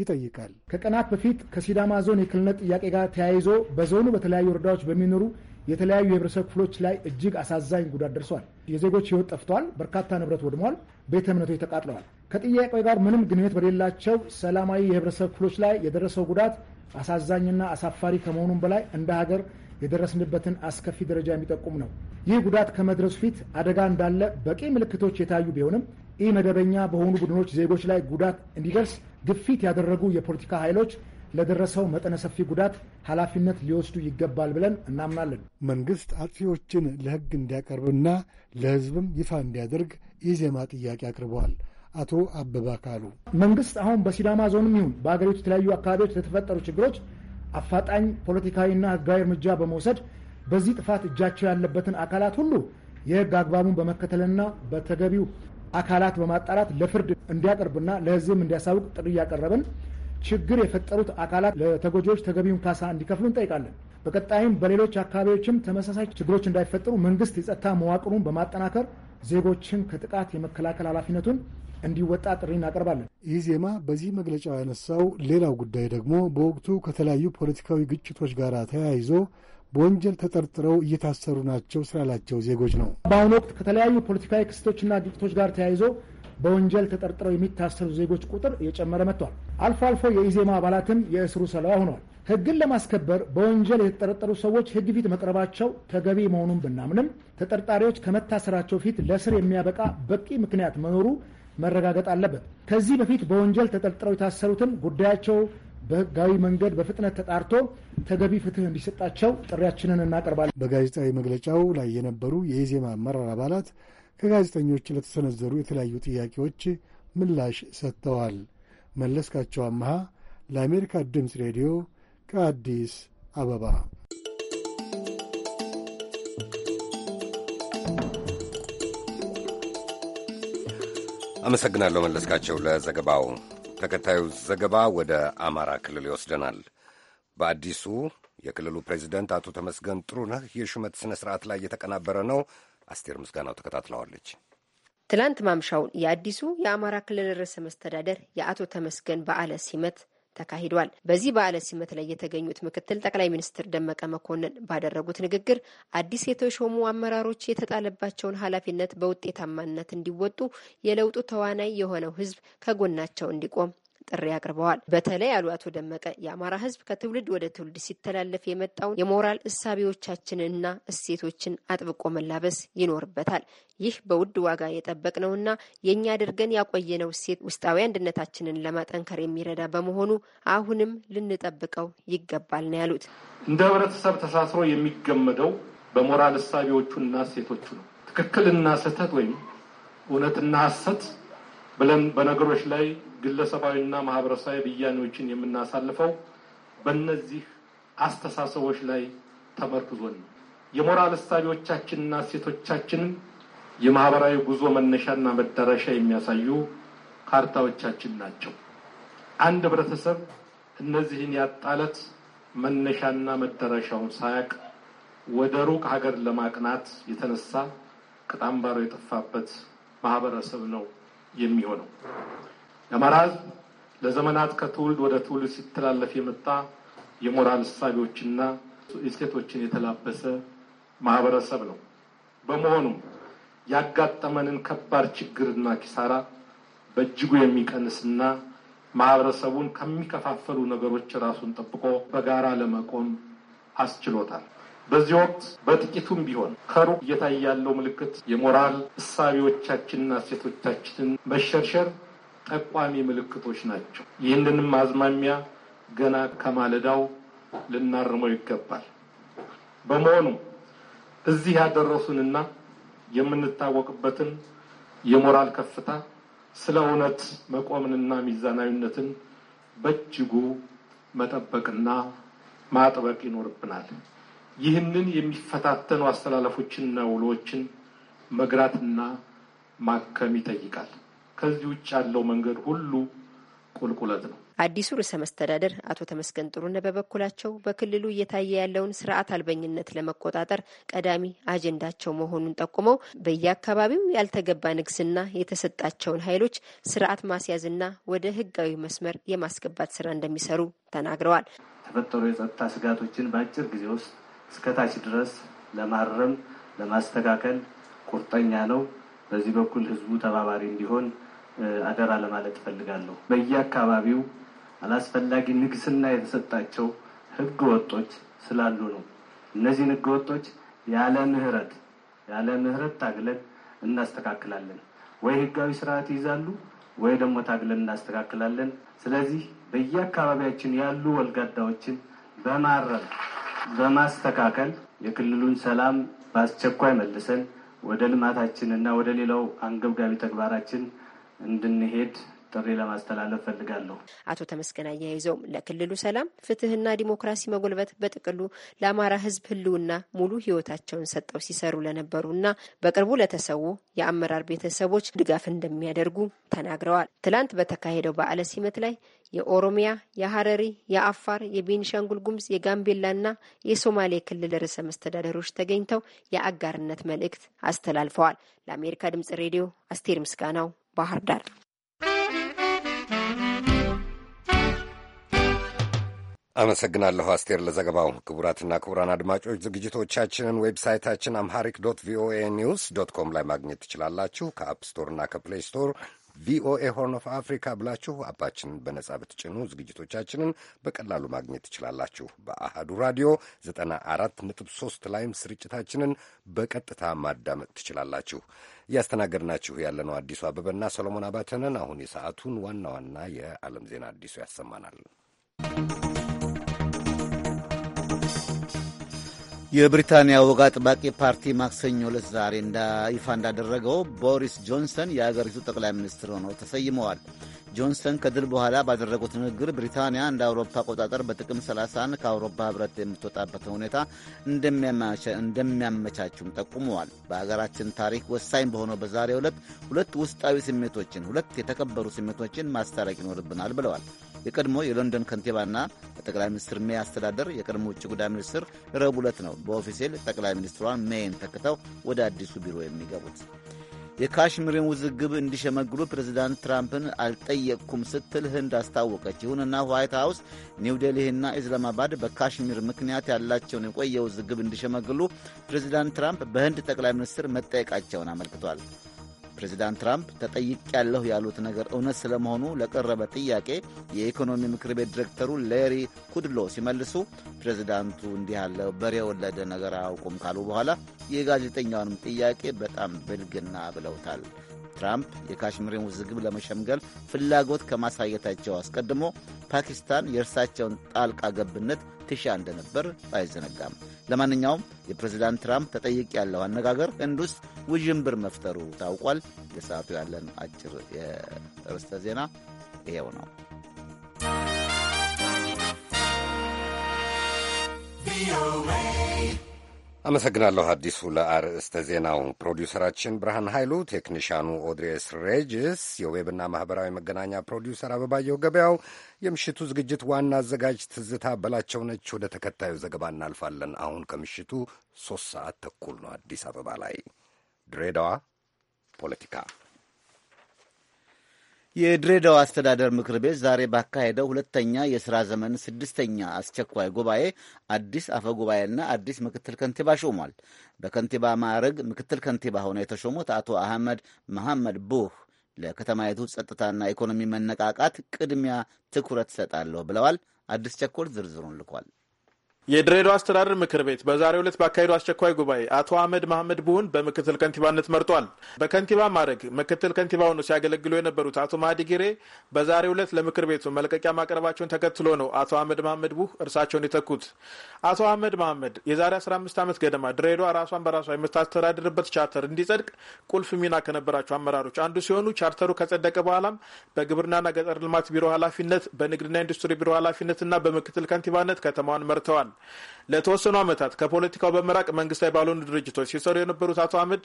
ይጠይቃል። ከቀናት በፊት ከሲዳማ ዞን የክልልነት ጥያቄ ጋር ተያይዞ በዞኑ በተለያዩ ወረዳዎች በሚኖሩ የተለያዩ የህብረተሰብ ክፍሎች ላይ እጅግ አሳዛኝ ጉዳት ደርሷል። የዜጎች ህይወት ጠፍቷል። በርካታ ንብረት ወድሟል። ቤተ እምነቶች ተቃጥለዋል። ከጥያቄው ጋር ምንም ግንኙነት በሌላቸው ሰላማዊ የህብረተሰብ ክፍሎች ላይ የደረሰው ጉዳት አሳዛኝና አሳፋሪ ከመሆኑም በላይ እንደ ሀገር የደረስንበትን አስከፊ ደረጃ የሚጠቁም ነው። ይህ ጉዳት ከመድረሱ ፊት አደጋ እንዳለ በቂ ምልክቶች የታዩ ቢሆንም ኢ መደበኛ በሆኑ ቡድኖች ዜጎች ላይ ጉዳት እንዲደርስ ግፊት ያደረጉ የፖለቲካ ኃይሎች ለደረሰው መጠነ ሰፊ ጉዳት ኃላፊነት ሊወስዱ ይገባል ብለን እናምናለን። መንግሥት አጥፊዎችን ለሕግ እንዲያቀርብና ለሕዝብም ይፋ እንዲያደርግ ኢዜማ ጥያቄ አቅርበዋል። አቶ አበባ ካሉ መንግስት አሁን በሲዳማ ዞንም ይሁን በሀገሪቱ የተለያዩ አካባቢዎች ለተፈጠሩ ችግሮች አፋጣኝ ፖለቲካዊና ህጋዊ እርምጃ በመውሰድ በዚህ ጥፋት እጃቸው ያለበትን አካላት ሁሉ የህግ አግባቡን በመከተልና በተገቢው አካላት በማጣራት ለፍርድ እንዲያቀርብና ለህዝብም እንዲያሳውቅ ጥሪ እያቀረብን ችግር የፈጠሩት አካላት ለተጎጂዎች ተገቢውን ካሳ እንዲከፍሉ እንጠይቃለን። በቀጣይም በሌሎች አካባቢዎችም ተመሳሳይ ችግሮች እንዳይፈጠሩ መንግስት የጸጥታ መዋቅሩን በማጠናከር ዜጎችን ከጥቃት የመከላከል ኃላፊነቱን እንዲወጣ ጥሪ እናቀርባለን። ይህ ዜማ በዚህ መግለጫው ያነሳው ሌላው ጉዳይ ደግሞ በወቅቱ ከተለያዩ ፖለቲካዊ ግጭቶች ጋር ተያይዞ በወንጀል ተጠርጥረው እየታሰሩ ናቸው ስላላቸው ዜጎች ነው። በአሁኑ ወቅት ከተለያዩ ፖለቲካዊ ክስቶችና ግጭቶች ጋር ተያይዞ በወንጀል ተጠርጥረው የሚታሰሩ ዜጎች ቁጥር እየጨመረ መጥቷል። አልፎ አልፎ የኢዜማ አባላትም የእስሩ ሰለባ ሆነዋል። ሕግን ለማስከበር በወንጀል የተጠረጠሩ ሰዎች ሕግ ፊት መቅረባቸው ተገቢ መሆኑን ብናምንም ተጠርጣሪዎች ከመታሰራቸው ፊት ለእስር የሚያበቃ በቂ ምክንያት መኖሩ መረጋገጥ አለበት። ከዚህ በፊት በወንጀል ተጠርጥረው የታሰሩትን ጉዳያቸው በህጋዊ መንገድ በፍጥነት ተጣርቶ ተገቢ ፍትህ እንዲሰጣቸው ጥሪያችንን እናቀርባለን። በጋዜጣዊ መግለጫው ላይ የነበሩ የኢዜማ አመራር አባላት ከጋዜጠኞች ለተሰነዘሩ የተለያዩ ጥያቄዎች ምላሽ ሰጥተዋል። መለስካቸው አመሃ ለአሜሪካ ድምፅ ሬዲዮ ከአዲስ አበባ አመሰግናለሁ መለስካቸው ለዘገባው። ተከታዩ ዘገባ ወደ አማራ ክልል ይወስደናል። በአዲሱ የክልሉ ፕሬዚደንት አቶ ተመስገን ጥሩነህ የሹመት ስነ ስርዓት ላይ እየተቀናበረ ነው። አስቴር ምስጋናው ተከታትለዋለች። ትላንት ማምሻውን የአዲሱ የአማራ ክልል ርዕሰ መስተዳደር የአቶ ተመስገን በዓለ ሲመት ተካሂዷል። በዚህ በዓለ ሲመት ላይ የተገኙት ምክትል ጠቅላይ ሚኒስትር ደመቀ መኮንን ባደረጉት ንግግር አዲስ የተሾሙ አመራሮች የተጣለባቸውን ኃላፊነት በውጤታማነት እንዲወጡ የለውጡ ተዋናይ የሆነው ሕዝብ ከጎናቸው እንዲቆም ጥሪ አቅርበዋል። በተለይ አሉ አቶ ደመቀ የአማራ ህዝብ ከትውልድ ወደ ትውልድ ሲተላለፍ የመጣውን የሞራል እሳቤዎቻችንና እሴቶችን አጥብቆ መላበስ ይኖርበታል። ይህ በውድ ዋጋ የጠበቅነውና የእኛ አድርገን ያቆየነው እሴት ውስጣዊ አንድነታችንን ለማጠንከር የሚረዳ በመሆኑ አሁንም ልንጠብቀው ይገባል ነው ያሉት። እንደ ህብረተሰብ ተሳስሮ የሚገመደው በሞራል እሳቤዎቹና እሴቶቹ ነው። ትክክልና ስህተት ወይም እውነትና ሐሰት ብለን በነገሮች ላይ ግለሰባዊና ማህበረሰባዊ ብያኔዎችን የምናሳልፈው በእነዚህ አስተሳሰቦች ላይ ተመርክዞን ነው። የሞራል እሳቤዎቻችንና እሴቶቻችንም የማህበራዊ ጉዞ መነሻና መዳረሻ የሚያሳዩ ካርታዎቻችን ናቸው። አንድ ህብረተሰብ እነዚህን ያጣለት መነሻና መዳረሻውን ሳያቅ ወደ ሩቅ ሀገር ለማቅናት የተነሳ ቅጣምባሮ የጠፋበት ማህበረሰብ ነው። የሚሆነው። የአማራ ለዘመናት ከትውልድ ወደ ትውልድ ሲተላለፍ የመጣ የሞራል እሳቤዎችና እሴቶችን የተላበሰ ማህበረሰብ ነው። በመሆኑም ያጋጠመንን ከባድ ችግርና ኪሳራ በእጅጉ የሚቀንስና ማህበረሰቡን ከሚከፋፈሉ ነገሮች ራሱን ጠብቆ በጋራ ለመቆም አስችሎታል። በዚህ ወቅት በጥቂቱም ቢሆን ከሩቅ እየታየ ያለው ምልክት የሞራል እሳቤዎቻችንና እሴቶቻችንን መሸርሸር ጠቋሚ ምልክቶች ናቸው። ይህንንም አዝማሚያ ገና ከማለዳው ልናርመው ይገባል። በመሆኑ እዚህ ያደረሱንና የምንታወቅበትን የሞራል ከፍታ ስለ እውነት መቆምንና ሚዛናዊነትን በእጅጉ መጠበቅና ማጥበቅ ይኖርብናል። ይህንን የሚፈታተኑ አስተላለፎችንና ውሎችን መግራትና ማከም ይጠይቃል። ከዚህ ውጭ ያለው መንገድ ሁሉ ቁልቁለት ነው። አዲሱ ርዕሰ መስተዳደር አቶ ተመስገን ጥሩነ በበኩላቸው በክልሉ እየታየ ያለውን ስርዓት አልበኝነት ለመቆጣጠር ቀዳሚ አጀንዳቸው መሆኑን ጠቁመው በየአካባቢው ያልተገባ ንግስና የተሰጣቸውን ኃይሎች ስርዓት ማስያዝና ወደ ህጋዊ መስመር የማስገባት ስራ እንደሚሰሩ ተናግረዋል። ተፈጠሩ የጸጥታ ስጋቶችን በአጭር ጊዜ ውስጥ እስከታች ድረስ ለማረም ለማስተካከል ቁርጠኛ ነው። በዚህ በኩል ህዝቡ ተባባሪ እንዲሆን አደራ ለማለት እፈልጋለሁ። በየአካባቢው አላስፈላጊ ንግስና የተሰጣቸው ህገ ወጦች ስላሉ ነው። እነዚህን ህገ ወጦች ያለ ምህረት ያለ ምህረት ታግለን እናስተካክላለን። ወይ ህጋዊ ስርዓት ይይዛሉ ወይ ደግሞ ታግለን እናስተካክላለን። ስለዚህ በየአካባቢያችን ያሉ ወልጋዳዎችን በማረም በማስተካከል የክልሉን ሰላም በአስቸኳይ መልሰን ወደ ልማታችንና ወደ ሌላው አንገብጋቢ ተግባራችን እንድንሄድ ጥሪ ለማስተላለፍ ፈልጋለሁ። አቶ ተመስገን አያይዘውም ለክልሉ ሰላም፣ ፍትህና ዲሞክራሲ መጎልበት በጥቅሉ ለአማራ ህዝብ ህልውና ሙሉ ህይወታቸውን ሰጠው ሲሰሩ ለነበሩና በቅርቡ ለተሰዉ የአመራር ቤተሰቦች ድጋፍ እንደሚያደርጉ ተናግረዋል። ትላንት በተካሄደው በዓለ ሲመት ላይ የኦሮሚያ፣ የሀረሪ፣ የአፋር፣ የቤኒሻንጉል ጉሙዝ፣ የጋምቤላና የሶማሌ ክልል ርዕሰ መስተዳደሮች ተገኝተው የአጋርነት መልእክት አስተላልፈዋል። ለአሜሪካ ድምጽ ሬዲዮ አስቴር ምስጋናው ባህር ዳር አመሰግናለሁ አስቴር ለዘገባው። ክቡራትና ክቡራን አድማጮች ዝግጅቶቻችንን ዌብሳይታችን አምሃሪክ ዶት ቪኦኤ ኒውስ ዶት ኮም ላይ ማግኘት ትችላላችሁ። ከአፕ ስቶርና ከፕሌይ ስቶር ቪኦኤ ሆርን ኦፍ አፍሪካ ብላችሁ አባችንን በነጻ ብትጭኑ ዝግጅቶቻችንን በቀላሉ ማግኘት ትችላላችሁ። በአሃዱ ራዲዮ 94.3 ላይም ስርጭታችንን በቀጥታ ማዳመጥ ትችላላችሁ። እያስተናገድናችሁ ያለነው አዲሱ አበበና ሰሎሞን አባተነን። አሁን የሰዓቱን ዋና ዋና የዓለም ዜና አዲሱ ያሰማናል። የብሪታንያ ወግ አጥባቂ ፓርቲ ማክሰኞ ዕለት ዛሬ ይፋ እንዳደረገው ቦሪስ ጆንሰን የአገሪቱ ጠቅላይ ሚኒስትር ሆነው ተሰይመዋል። ጆንሰን ከድል በኋላ ባደረጉት ንግግር ብሪታንያ እንደ አውሮፓ አቆጣጠር በጥቅም 31 ከአውሮፓ ህብረት የምትወጣበትን ሁኔታ እንደሚያመቻችም ጠቁመዋል። በሀገራችን ታሪክ ወሳኝ በሆነው በዛሬው ዕለት ሁለት ውስጣዊ ስሜቶችን ሁለት የተከበሩ ስሜቶችን ማስታረቅ ይኖርብናል ብለዋል። የቀድሞ የሎንዶን ከንቲባና ጠቅላይ ሚኒስትር ሜይ አስተዳደር የቀድሞ ውጭ ጉዳይ ሚኒስትር ረቡዕ ዕለት ነው በኦፊሴል ጠቅላይ ሚኒስትሯን ሜይን ተክተው ወደ አዲሱ ቢሮ የሚገቡት። የካሽሚርን ውዝግብ እንዲሸመግሉ ፕሬዚዳንት ትራምፕን አልጠየቅኩም ስትል ህንድ አስታወቀች። ይሁንና ዋይት ሀውስ ኒውዴልሂና ኢስላማባድ በካሽሚር ምክንያት ያላቸውን የቆየ ውዝግብ እንዲሸመግሉ ፕሬዚዳንት ትራምፕ በህንድ ጠቅላይ ሚኒስትር መጠየቃቸውን አመልክቷል። ፕሬዚዳንት ትራምፕ ተጠይቅ ያለሁ ያሉት ነገር እውነት ስለመሆኑ ለቀረበ ጥያቄ የኢኮኖሚ ምክር ቤት ዲሬክተሩ ሌሪ ኩድሎ ሲመልሱ ፕሬዚዳንቱ እንዲህ ያለ በሬ የወለደ ነገር አያውቁም ካሉ በኋላ የጋዜጠኛውንም ጥያቄ በጣም ብልግና ብለውታል። ትራምፕ የካሽሚርን ውዝግብ ለመሸምገል ፍላጎት ከማሳየታቸው አስቀድሞ ፓኪስታን የእርሳቸውን ጣልቃ ገብነት ትሻ እንደነበር አይዘነጋም። ለማንኛውም የፕሬዚዳንት ትራምፕ ተጠይቅ ያለው አነጋገር ህንድ ውስጥ ውዥንብር መፍጠሩ ታውቋል። ለሰዓቱ ያለን አጭር የርዕሰ ዜና ይሄው ነው። አመሰግናለሁ አዲሱ ለአርእስተ ዜናው። ፕሮዲውሰራችን ብርሃን ኃይሉ፣ ቴክኒሽያኑ ኦድሬስ ሬጅስ፣ የዌብና ማኅበራዊ መገናኛ ፕሮዲውሰር አበባየሁ ገበያው፣ የምሽቱ ዝግጅት ዋና አዘጋጅ ትዝታ በላቸው ነች። ወደ ተከታዩ ዘገባ እናልፋለን። አሁን ከምሽቱ ሦስት ሰዓት ተኩል ነው አዲስ አበባ ላይ። ድሬዳዋ ፖለቲካ የድሬዳዋ አስተዳደር ምክር ቤት ዛሬ ባካሄደው ሁለተኛ የሥራ ዘመን ስድስተኛ አስቸኳይ ጉባኤ አዲስ አፈ ጉባኤና አዲስ ምክትል ከንቲባ ሾሟል። በከንቲባ ማዕረግ ምክትል ከንቲባ ሆነው የተሾሙት አቶ አህመድ መሐመድ ቡህ ለከተማይቱ ጸጥታና ኢኮኖሚ መነቃቃት ቅድሚያ ትኩረት ሰጣለሁ ብለዋል። አዲስ ቸኮል ዝርዝሩን ልኳል። የድሬዳዋ አስተዳደር ምክር ቤት በዛሬው ዕለት ባካሄዱ አስቸኳይ ጉባኤ አቶ አህመድ መሐመድ ቡሁን በምክትል ከንቲባነት መርጧል። በከንቲባ ማድረግ ምክትል ከንቲባ ሆነው ሲያገለግሉ የነበሩት አቶ ማህዲ ጊሬ በዛሬው ዕለት ለምክር ቤቱ መልቀቂያ ማቅረባቸውን ተከትሎ ነው አቶ አህመድ ማህመድ ቡህ እርሳቸውን የተኩት። አቶ አህመድ መሐመድ የዛሬ 15 ዓመት ገደማ ድሬዳዋ ራሷን በራሷ የምታስተዳድርበት ቻርተር እንዲጸድቅ ቁልፍ ሚና ከነበራቸው አመራሮች አንዱ ሲሆኑ ቻርተሩ ከጸደቀ በኋላም በግብርናና ገጠር ልማት ቢሮ ኃላፊነት፣ በንግድና ኢንዱስትሪ ቢሮ ኃላፊነትና በምክትል ከንቲባነት ከተማዋን መርተዋል። ለተወሰኑ ዓመታት ከፖለቲካው በመራቅ መንግስታዊ ባልሆኑ ድርጅቶች ሲሰሩ የነበሩት አቶ አህመድ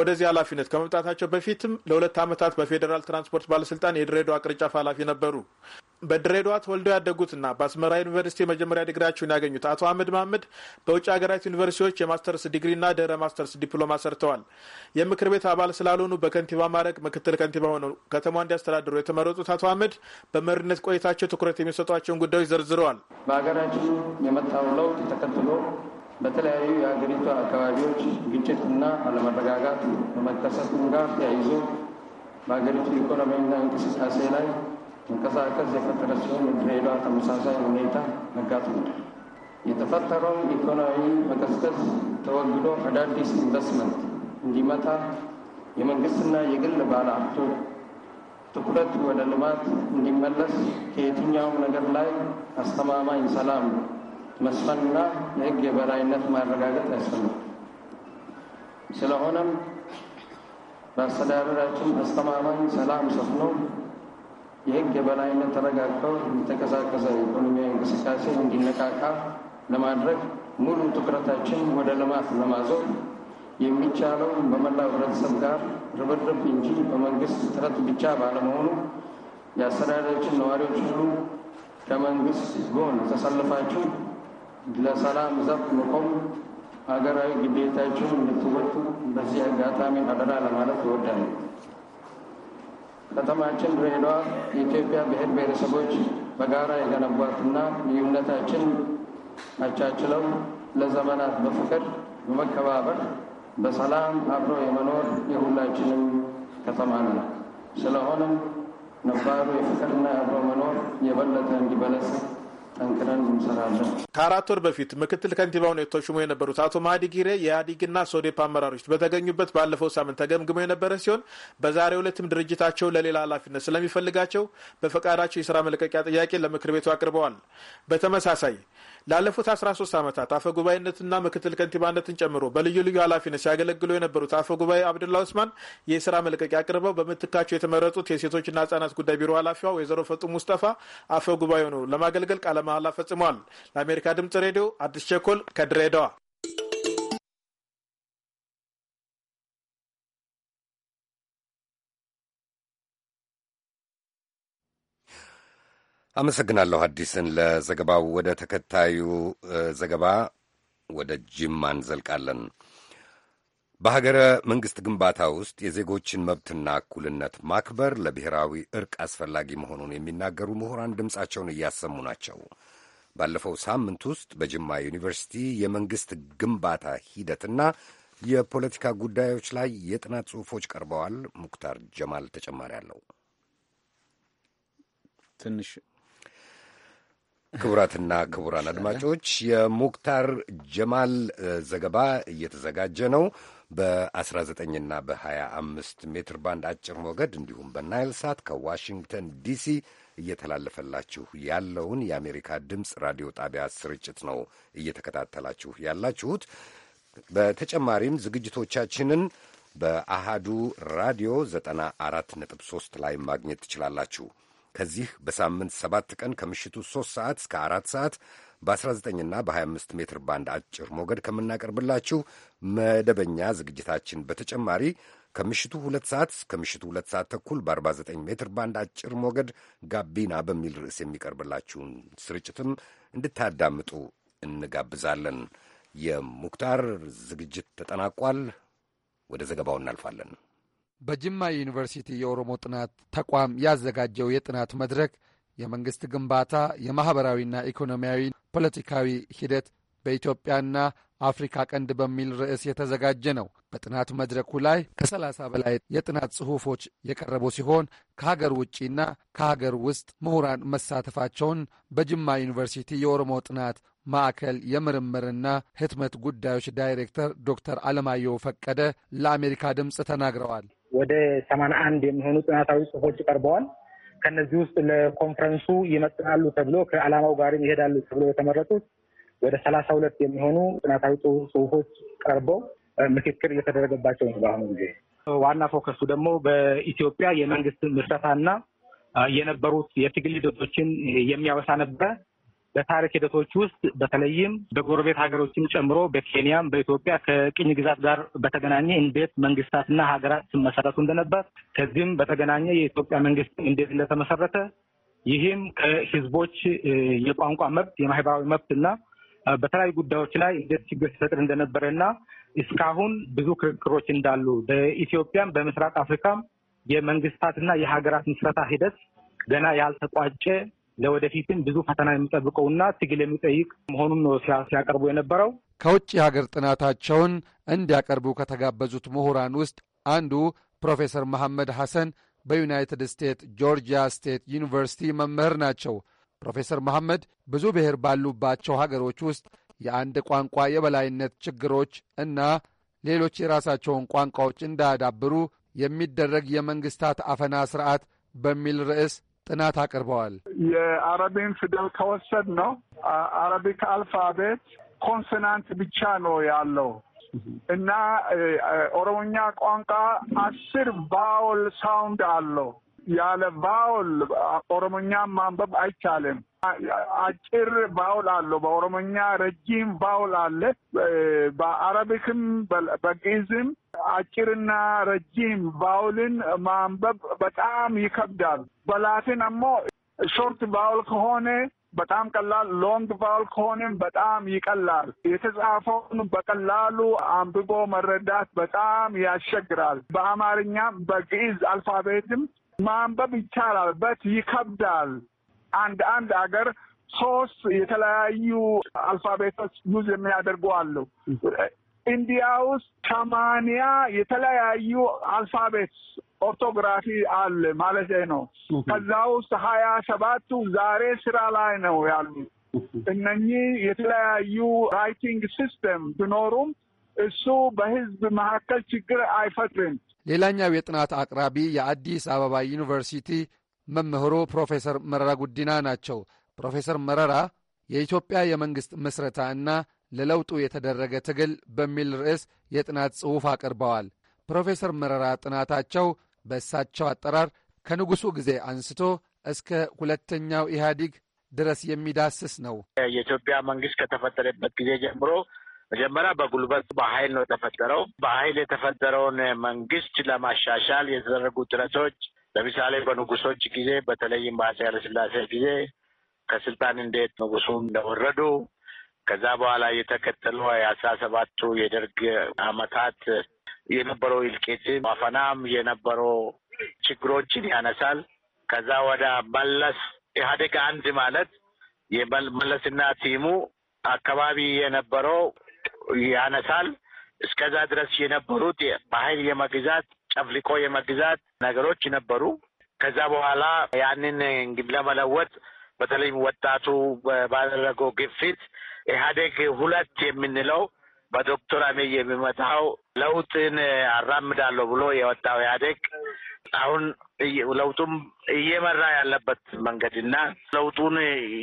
ወደዚህ ኃላፊነት ከመምጣታቸው በፊትም ለሁለት ዓመታት በፌዴራል ትራንስፖርት ባለስልጣን የድሬዳዋ ቅርንጫፍ ኃላፊ ነበሩ። በድሬዳዋ ተወልደው ያደጉትና በአስመራ ዩኒቨርሲቲ የመጀመሪያ ዲግሪያቸውን ያገኙት አቶ አህመድ ማህመድ በውጭ ሀገራት ዩኒቨርሲቲዎች የማስተርስ ዲግሪና ድህረ ማስተርስ ዲፕሎማ ሰርተዋል። የምክር ቤት አባል ስላልሆኑ በከንቲባ ማድረግ ምክትል ከንቲባ ሆነው ከተማ እንዲያስተዳድሩ የተመረጡት አቶ አህመድ በመሪነት ቆይታቸው ትኩረት የሚሰጧቸውን ጉዳዮች ዘርዝረዋል። በሀገራችን የመጣው ለውጥ ተከትሎ በተለያዩ የሀገሪቱ አካባቢዎች ግጭትና አለመረጋጋት በመከሰቱም ጋር ተያይዞ በሀገሪቱ ኢኮኖሚና እንቅስቃሴ ላይ መንቀሳቀስ የፈጠረ ሲሆን በድሬዳዋ ተመሳሳይ ሁኔታ አጋጥሟል። የተፈጠረው ኢኮኖሚ መቀስቀስ ተወግዶ አዳዲስ ኢንቨስትመንት እንዲመጣ የመንግስትና የግል ባለሀብቱ ትኩረት ወደ ልማት እንዲመለስ ከየትኛውም ነገር ላይ አስተማማኝ ሰላም መስፈንና የሕግ የበላይነት ማረጋገጥ ያስፈልጋል። ስለሆነም በአስተዳደራችን አስተማማኝ ሰላም ሰፍኖ የህግ የበላይነት ተረጋግጠው የተቀሳቀሰ ኢኮኖሚያዊ እንቅስቃሴ እንዲነቃቃ ለማድረግ ሙሉ ትኩረታችን ወደ ልማት ለማዞር የሚቻለው በመላው ህብረተሰብ ጋር ርብርብ እንጂ በመንግስት ጥረት ብቻ ባለመሆኑ የአስተዳደራችን ነዋሪዎች ሁሉ ከመንግስት ጎን ተሰልፋችሁ ለሰላም ዘብ መቆም ሀገራዊ ግዴታችሁን እንድትወጡ በዚህ አጋጣሚ አደራ ለማለት እወዳለሁ። ከተማችን ድሬዳዋ የኢትዮጵያ ብሔር ብሔረሰቦች በጋራ የገነቧትና ልዩነታችን አቻችለው ለዘመናት በፍቅር በመከባበር በሰላም አብሮ የመኖር የሁላችንም ከተማ ነው። ስለሆነም ነባሩ የፍቅርና የአብሮ መኖር የበለጠ እንዲበለጽግ ጠንክረን እንሰራለን። ከአራት ወር በፊት ምክትል ከንቲባ ሆነው የተሾሙ የነበሩት አቶ ማህዲ ጊሬ የኢህአዴግና ሶዴፕ አመራሮች በተገኙበት ባለፈው ሳምንት ተገምግሞ የነበረ ሲሆን በዛሬው ዕለትም ድርጅታቸው ለሌላ ኃላፊነት ስለሚፈልጋቸው በፈቃዳቸው የስራ መልቀቂያ ጥያቄ ለምክር ቤቱ አቅርበዋል። በተመሳሳይ ላለፉት 13 ዓመታት አፈ ጉባኤነትና ምክትል ከንቲባነትን ጨምሮ በልዩ ልዩ ኃላፊነት ሲያገለግሉ የነበሩት አፈ ጉባኤ አብዱላ ኡስማን የስራ መልቀቂያ አቅርበው በምትካቸው የተመረጡት የሴቶችና ህጻናት ጉዳይ ቢሮ ኃላፊዋ ወይዘሮ ፈጡ ሙስጠፋ አፈ ጉባኤ ነው ለማገልገል ቃለ መሃላ ፈጽመዋል። ለአሜሪካ ድምጽ ሬዲዮ አዲስ ቸኮል ከድሬዳዋ አመሰግናለሁ አዲስን ለዘገባው። ወደ ተከታዩ ዘገባ ወደ ጅማ እንዘልቃለን። በሀገረ መንግሥት ግንባታ ውስጥ የዜጎችን መብትና እኩልነት ማክበር ለብሔራዊ እርቅ አስፈላጊ መሆኑን የሚናገሩ ምሁራን ድምፃቸውን እያሰሙ ናቸው። ባለፈው ሳምንት ውስጥ በጅማ ዩኒቨርሲቲ የመንግሥት ግንባታ ሂደትና የፖለቲካ ጉዳዮች ላይ የጥናት ጽሑፎች ቀርበዋል። ሙክታር ጀማል ተጨማሪ አለው። ትንሽ ክቡራትና ክቡራን አድማጮች የሙክታር ጀማል ዘገባ እየተዘጋጀ ነው። በ19ና በ25 ሜትር ባንድ አጭር ሞገድ እንዲሁም በናይል ሳት ከዋሽንግተን ዲሲ እየተላለፈላችሁ ያለውን የአሜሪካ ድምፅ ራዲዮ ጣቢያ ስርጭት ነው እየተከታተላችሁ ያላችሁት። በተጨማሪም ዝግጅቶቻችንን በአሃዱ ራዲዮ 94.3 ላይ ማግኘት ትችላላችሁ። ከዚህ በሳምንት ሰባት ቀን ከምሽቱ ሶስት ሰዓት እስከ አራት ሰዓት በ19ና በ25 ሜትር ባንድ አጭር ሞገድ ከምናቀርብላችሁ መደበኛ ዝግጅታችን በተጨማሪ ከምሽቱ ሁለት ሰዓት እስከ ምሽቱ ሁለት ሰዓት ተኩል በ49 ሜትር ባንድ አጭር ሞገድ ጋቢና በሚል ርዕስ የሚቀርብላችሁን ስርጭትም እንድታዳምጡ እንጋብዛለን። የሙክታር ዝግጅት ተጠናቋል። ወደ ዘገባው እናልፋለን። በጅማ ዩኒቨርሲቲ የኦሮሞ ጥናት ተቋም ያዘጋጀው የጥናት መድረክ የመንግሥት ግንባታ የማኅበራዊና ኢኮኖሚያዊ ፖለቲካዊ ሂደት በኢትዮጵያና አፍሪካ ቀንድ በሚል ርዕስ የተዘጋጀ ነው። በጥናት መድረኩ ላይ ከሰላሳ በላይ የጥናት ጽሑፎች የቀረቡ ሲሆን ከሀገር ውጪና ከሀገር ውስጥ ምሁራን መሳተፋቸውን በጅማ ዩኒቨርሲቲ የኦሮሞ ጥናት ማዕከል የምርምርና ህትመት ጉዳዮች ዳይሬክተር ዶክተር አለማየሁ ፈቀደ ለአሜሪካ ድምፅ ተናግረዋል። ወደ ሰማንያ አንድ የሚሆኑ ጥናታዊ ጽሁፎች ቀርበዋል። ከነዚህ ውስጥ ለኮንፈረንሱ ይመጥናሉ ተብሎ ከዓላማው ጋር ይሄዳሉ ተብሎ የተመረጡት ወደ ሰላሳ ሁለት የሚሆኑ ጥናታዊ ጽሁፎች ቀርበው ምክክር እየተደረገባቸው ነው። በአሁኑ ጊዜ ዋና ፎከሱ ደግሞ በኢትዮጵያ የመንግስት ምስረታና የነበሩት የትግል ሂደቶችን የሚያወሳ ነበረ። በታሪክ ሂደቶች ውስጥ በተለይም በጎረቤት ሀገሮችም ጨምሮ በኬንያም በኢትዮጵያ ከቅኝ ግዛት ጋር በተገናኘ እንዴት መንግስታትና ሀገራት ሲመሰረቱ እንደነበር ከዚህም በተገናኘ የኢትዮጵያ መንግስት እንዴት እንደተመሰረተ ይህም ከህዝቦች የቋንቋ መብት፣ የማህበራዊ መብት እና በተለያዩ ጉዳዮች ላይ እንዴት ችግር ሲፈጥር እንደነበረ እና እስካሁን ብዙ ክርክሮች እንዳሉ በኢትዮጵያም በምስራቅ አፍሪካም የመንግስታትና የሀገራት ምስረታ ሂደት ገና ያልተቋጨ ለወደፊትም ብዙ ፈተና የሚጠብቀውና ትግል የሚጠይቅ መሆኑን ነው ሲያቀርቡ የነበረው። ከውጭ ሀገር ጥናታቸውን እንዲያቀርቡ ከተጋበዙት ምሁራን ውስጥ አንዱ ፕሮፌሰር መሐመድ ሐሰን በዩናይትድ ስቴትስ ጆርጂያ ስቴት ዩኒቨርሲቲ መምህር ናቸው። ፕሮፌሰር መሐመድ ብዙ ብሔር ባሉባቸው ሀገሮች ውስጥ የአንድ ቋንቋ የበላይነት ችግሮች እና ሌሎች የራሳቸውን ቋንቋዎች እንዳያዳብሩ የሚደረግ የመንግሥታት አፈና ሥርዓት በሚል ርዕስ ጥናት አቅርበዋል። የአረቢን ፊደል ከወሰድ ነው አረቢክ አልፋቤት ኮንሶናንት ብቻ ነው ያለው እና ኦሮሞኛ ቋንቋ አስር ቫውል ሳውንድ አለው። ያለ ቫውል ኦሮሞኛ ማንበብ አይቻልም። አጭር ባውል አለው። በኦሮሞኛ ረጅም ቫውል አለ። በአረቢክም በግዕዝም አጭርና ረጅም ቫውልን ማንበብ በጣም ይከብዳል። በላቲን ሞ ሾርት ቫውል ከሆነ በጣም ቀላል፣ ሎንግ ቫውል ከሆነ በጣም ይቀላል። የተጻፈውን በቀላሉ አንብቦ መረዳት በጣም ያስቸግራል። በአማርኛም በግዕዝ አልፋቤትም ማንበብ ይቻላል፣ በት ይከብዳል። አንድ አንድ አገር ሶስት የተለያዩ አልፋቤቶች ዩዝ የሚያደርጉ አሉ። ኢንዲያ ውስጥ ሰማንያ የተለያዩ አልፋቤት ኦርቶግራፊ አለ ማለት ነው። ከዛ ውስጥ ሀያ ሰባቱ ዛሬ ስራ ላይ ነው ያሉት። እነኚህ የተለያዩ ራይቲንግ ሲስተም ቢኖሩም እሱ በህዝብ መካከል ችግር አይፈጥርም። ሌላኛው የጥናት አቅራቢ የአዲስ አበባ ዩኒቨርሲቲ መምህሩ ፕሮፌሰር መረራ ጉዲና ናቸው። ፕሮፌሰር መረራ የኢትዮጵያ የመንግሥት ምስረታ እና ለለውጡ የተደረገ ትግል በሚል ርዕስ የጥናት ጽሑፍ አቅርበዋል። ፕሮፌሰር መረራ ጥናታቸው በእሳቸው አጠራር ከንጉሡ ጊዜ አንስቶ እስከ ሁለተኛው ኢህአዲግ ድረስ የሚዳስስ ነው። የኢትዮጵያ መንግስት ከተፈጠረበት ጊዜ ጀምሮ መጀመሪያ በጉልበት በኃይል ነው የተፈጠረው። በኃይል የተፈጠረውን መንግስት ለማሻሻል የተደረጉ ጥረቶች ለምሳሌ በንጉሶች ጊዜ በተለይም በአፄ ኃይለሥላሴ ጊዜ ከስልጣን እንዴት ንጉሱ እንደወረዱ ከዛ በኋላ የተከተሉ የአስራ ሰባቱ የደርግ አመታት የነበረው እልቂትም አፈናም የነበረው ችግሮችን ያነሳል። ከዛ ወደ መለስ ኢህአዴግ አንድ ማለት የመለስና ቲሙ አካባቢ የነበረው ያነሳል። እስከዛ ድረስ የነበሩት በኃይል የመግዛት ጨፍልቆ የመግዛት ነገሮች ነበሩ። ከዛ በኋላ ያንን ለመለወጥ በተለይም ወጣቱ ባደረገው ግፊት ኢህአዴግ ሁለት የምንለው በዶክተር አብይ የሚመጣው ለውጥን አራምዳለሁ ብሎ የወጣው ኢህአዴግ አሁን ለውጡም እየመራ ያለበት መንገድና ለውጡን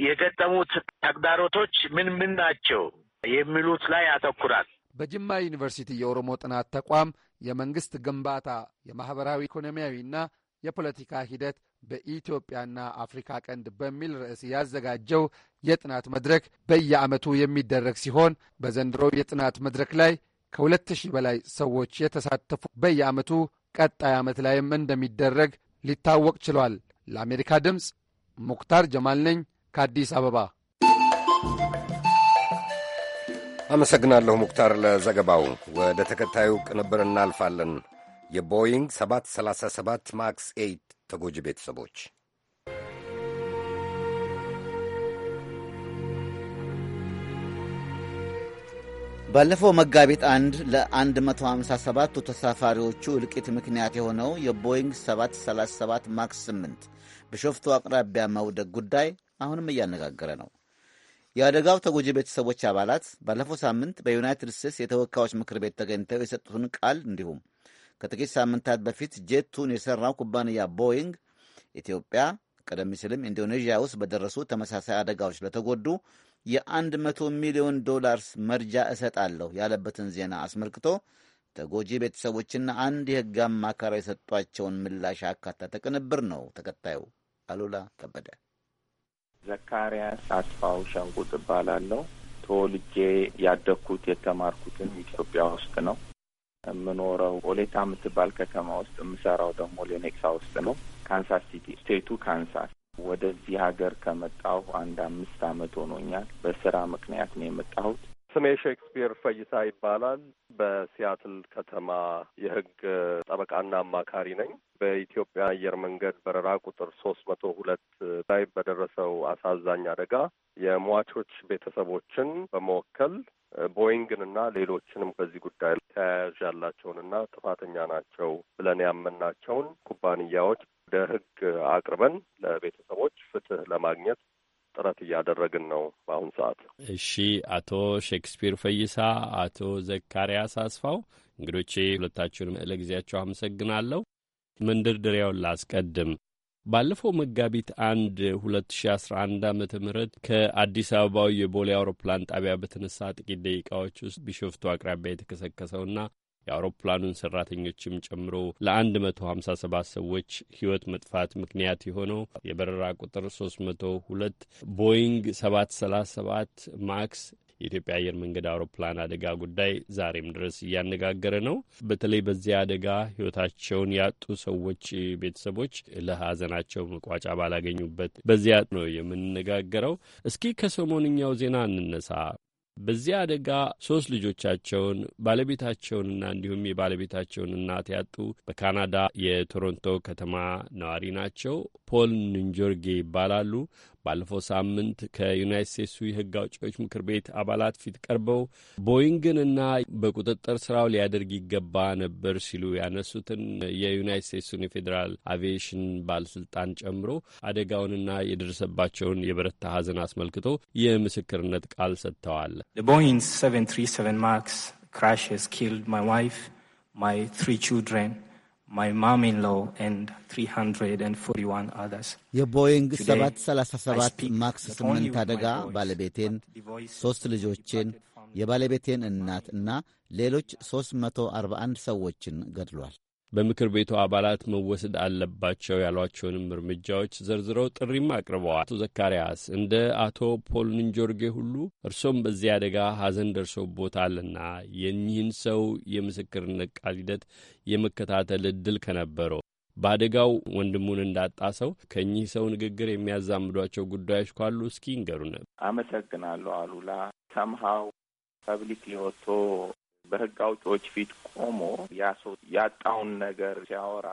የገጠሙት ተግዳሮቶች ምን ምን ናቸው የሚሉት ላይ ያተኩራል። በጅማ ዩኒቨርሲቲ የኦሮሞ ጥናት ተቋም የመንግስት ግንባታ የማህበራዊ ኢኮኖሚያዊና የፖለቲካ ሂደት በኢትዮጵያና አፍሪካ ቀንድ በሚል ርዕስ ያዘጋጀው የጥናት መድረክ በየዓመቱ የሚደረግ ሲሆን በዘንድሮው የጥናት መድረክ ላይ ከሁለት ሺህ በላይ ሰዎች የተሳተፉ በየዓመቱ ቀጣይ ዓመት ላይም እንደሚደረግ ሊታወቅ ችሏል። ለአሜሪካ ድምፅ ሙክታር ጀማል ነኝ ከአዲስ አበባ። አመሰግናለሁ ሙክታር ለዘገባው። ወደ ተከታዩ ቅንብር እናልፋለን። የቦይንግ 737 ማክስ 8 ተጎጂ ቤተሰቦች ባለፈው መጋቢት አንድ ለ 157 ተሳፋሪዎቹ እልቂት ምክንያት የሆነው የቦይንግ 737 ማክስ 8 ቢሾፍቱ አቅራቢያ መውደቅ ጉዳይ አሁንም እያነጋገረ ነው። የአደጋው ተጎጂ ቤተሰቦች አባላት ባለፈው ሳምንት በዩናይትድ ስቴትስ የተወካዮች ምክር ቤት ተገኝተው የሰጡትን ቃል እንዲሁም ከጥቂት ሳምንታት በፊት ጄቱን የሠራው ኩባንያ ቦይንግ ኢትዮጵያ ቀደም ሲልም ኢንዶኔዥያ ውስጥ በደረሱ ተመሳሳይ አደጋዎች ለተጎዱ የ መቶ ሚሊዮን ዶላርስ መርጃ እሰጣለሁ ያለበትን ዜና አስመልክቶ ተጎጂ ቤተሰቦችና አንድ የሕግ አማካሪ የሰጧቸውን ምላሽ አካታ ቅንብር ነው ተከታዩ። አሉላ ከበደ። ዘካሪያስ አስፋው ሸንቁጥ እባላለሁ። ተወልጄ ያደግኩት የተማርኩትም ኢትዮጵያ ውስጥ ነው። የምኖረው ኦሌታ የምትባል ከተማ ውስጥ የምሰራው ደግሞ ሌኔክሳ ውስጥ ነው፣ ካንሳስ ሲቲ ስቴቱ ካንሳስ። ወደዚህ ሀገር ከመጣሁ አንድ አምስት አመት ሆኖኛል። በስራ ምክንያት ነው የመጣሁት። ስሜ ሼክስፒር ፈይሳ ይባላል። በሲያትል ከተማ የህግ ጠበቃና አማካሪ ነኝ። በኢትዮጵያ አየር መንገድ በረራ ቁጥር ሶስት መቶ ሁለት ላይ በደረሰው አሳዛኝ አደጋ የሟቾች ቤተሰቦችን በመወከል እና ሌሎችንም ከዚህ ጉዳይ ተያያዥ እና ጥፋተኛ ናቸው ብለን ያመናቸውን ኩባንያዎች ወደ አቅርበን ለቤተሰቦች ፍትህ ለማግኘት ጥረት እያደረግን ነው በአሁን ሰዓት። እሺ፣ አቶ ሼክስፒር ፈይሳ፣ አቶ ዘካሪያስ አስፋው እንግዶቼ ሁለታችሁንም ለጊዜያቸው አመሰግናለሁ። መንደርደሪያውን ላስቀድም። ባለፈው መጋቢት አንድ 2011 ዓ ም ከአዲስ አበባው የቦሌ አውሮፕላን ጣቢያ በተነሳ ጥቂት ደቂቃዎች ውስጥ ቢሾፍቱ አቅራቢያ የተከሰከሰውና የአውሮፕላኑን ሰራተኞችም ጨምሮ ለ157 ሰዎች ሕይወት መጥፋት ምክንያት የሆነው የበረራ ቁጥር 302 ቦይንግ 737 ማክስ የኢትዮጵያ አየር መንገድ አውሮፕላን አደጋ ጉዳይ ዛሬም ድረስ እያነጋገረ ነው። በተለይ በዚያ አደጋ ህይወታቸውን ያጡ ሰዎች ቤተሰቦች ለሀዘናቸው መቋጫ ባላገኙበት በዚያ ነው የምንነጋገረው። እስኪ ከሰሞንኛው ዜና እንነሳ። በዚያ አደጋ ሶስት ልጆቻቸውን ባለቤታቸውንና እንዲሁም የባለቤታቸውን እናት ያጡ በካናዳ የቶሮንቶ ከተማ ነዋሪ ናቸው። ፖል ንንጆርጌ ይባላሉ። ባለፈው ሳምንት ከዩናይት ስቴትሱ የህግ አውጪዎች ምክር ቤት አባላት ፊት ቀርበው ቦይንግንና በቁጥጥር ስራው ሊያደርግ ይገባ ነበር ሲሉ ያነሱትን የዩናይት ስቴትሱን የፌዴራል አቪዬሽን ባለስልጣን ጨምሮ አደጋውንና የደረሰባቸውን የበረታ ሀዘን አስመልክቶ የምስክርነት ቃል ሰጥተዋል። ቦይንግ 737 ማክስ ክራሽ ኪልድ ማይ ዋይፍ ማይ ትሪ ችልድረን የቦይንግ 737 ማክስ 8 አደጋ ባለቤቴን፣ ሦስት ልጆቼን፣ የባለቤቴን እናት እና ሌሎች 341 ሰዎችን ገድሏል። በምክር ቤቱ አባላት መወሰድ አለባቸው ያሏቸውንም እርምጃዎች ዘርዝረው ጥሪም አቅርበዋል። አቶ ዘካርያስ እንደ አቶ ፖል ንጆርጌ ሁሉ እርሶም በዚህ አደጋ ሐዘን ደርሶቦታልና የኒህን ሰው የምስክርነት ቃል ሂደት የመከታተል እድል ከነበረው በአደጋው ወንድሙን እንዳጣ ሰው ከእኚህ ሰው ንግግር የሚያዛምዷቸው ጉዳዮች ካሉ እስኪ ይንገሩን። አመሰግናለሁ አሉላ። ሰምሃው ፐብሊክ ሊወጥቶ በህግ አውጪዎች ፊት ቆሞ ያ ሰው ያጣውን ነገር ሲያወራ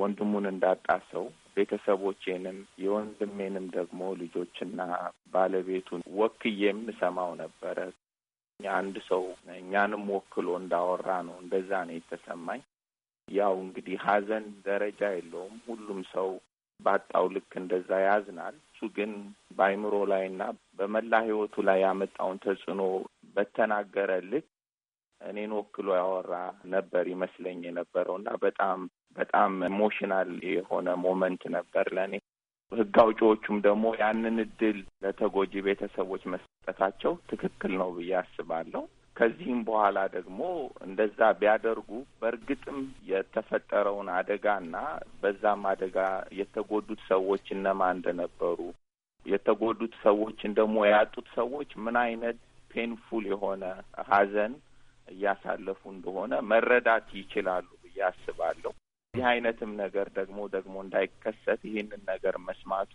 ወንድሙን እንዳጣ ሰው ቤተሰቦቼንም የወንድሜንም ደግሞ ልጆችና ባለቤቱን ወክዬ የምሰማው ነበረ። አንድ ሰው እኛንም ወክሎ እንዳወራ ነው። እንደዛ ነው የተሰማኝ። ያው እንግዲህ ሀዘን ደረጃ የለውም። ሁሉም ሰው ባጣው ልክ እንደዛ ያዝናል። እሱ ግን በአይምሮ ላይ እና በመላ ህይወቱ ላይ ያመጣውን ተጽዕኖ በተናገረ ልክ እኔን ወክሎ ያወራ ነበር ይመስለኝ የነበረው እና በጣም በጣም ኢሞሽናል የሆነ ሞመንት ነበር ለእኔ። ህግ አውጪዎቹም ደግሞ ያንን እድል ለተጎጂ ቤተሰቦች መስጠታቸው ትክክል ነው ብዬ አስባለሁ። ከዚህም በኋላ ደግሞ እንደዛ ቢያደርጉ በእርግጥም የተፈጠረውን አደጋ አደጋና በዛም አደጋ የተጎዱት ሰዎች እነማን እንደነበሩ የተጎዱት ሰዎችን ደግሞ ያጡት ሰዎች ምን አይነት ፔንፉል የሆነ ሀዘን እያሳለፉ እንደሆነ መረዳት ይችላሉ ብዬ አስባለሁ። ይህ አይነትም ነገር ደግሞ ደግሞ እንዳይከሰት ይህንን ነገር መስማቱ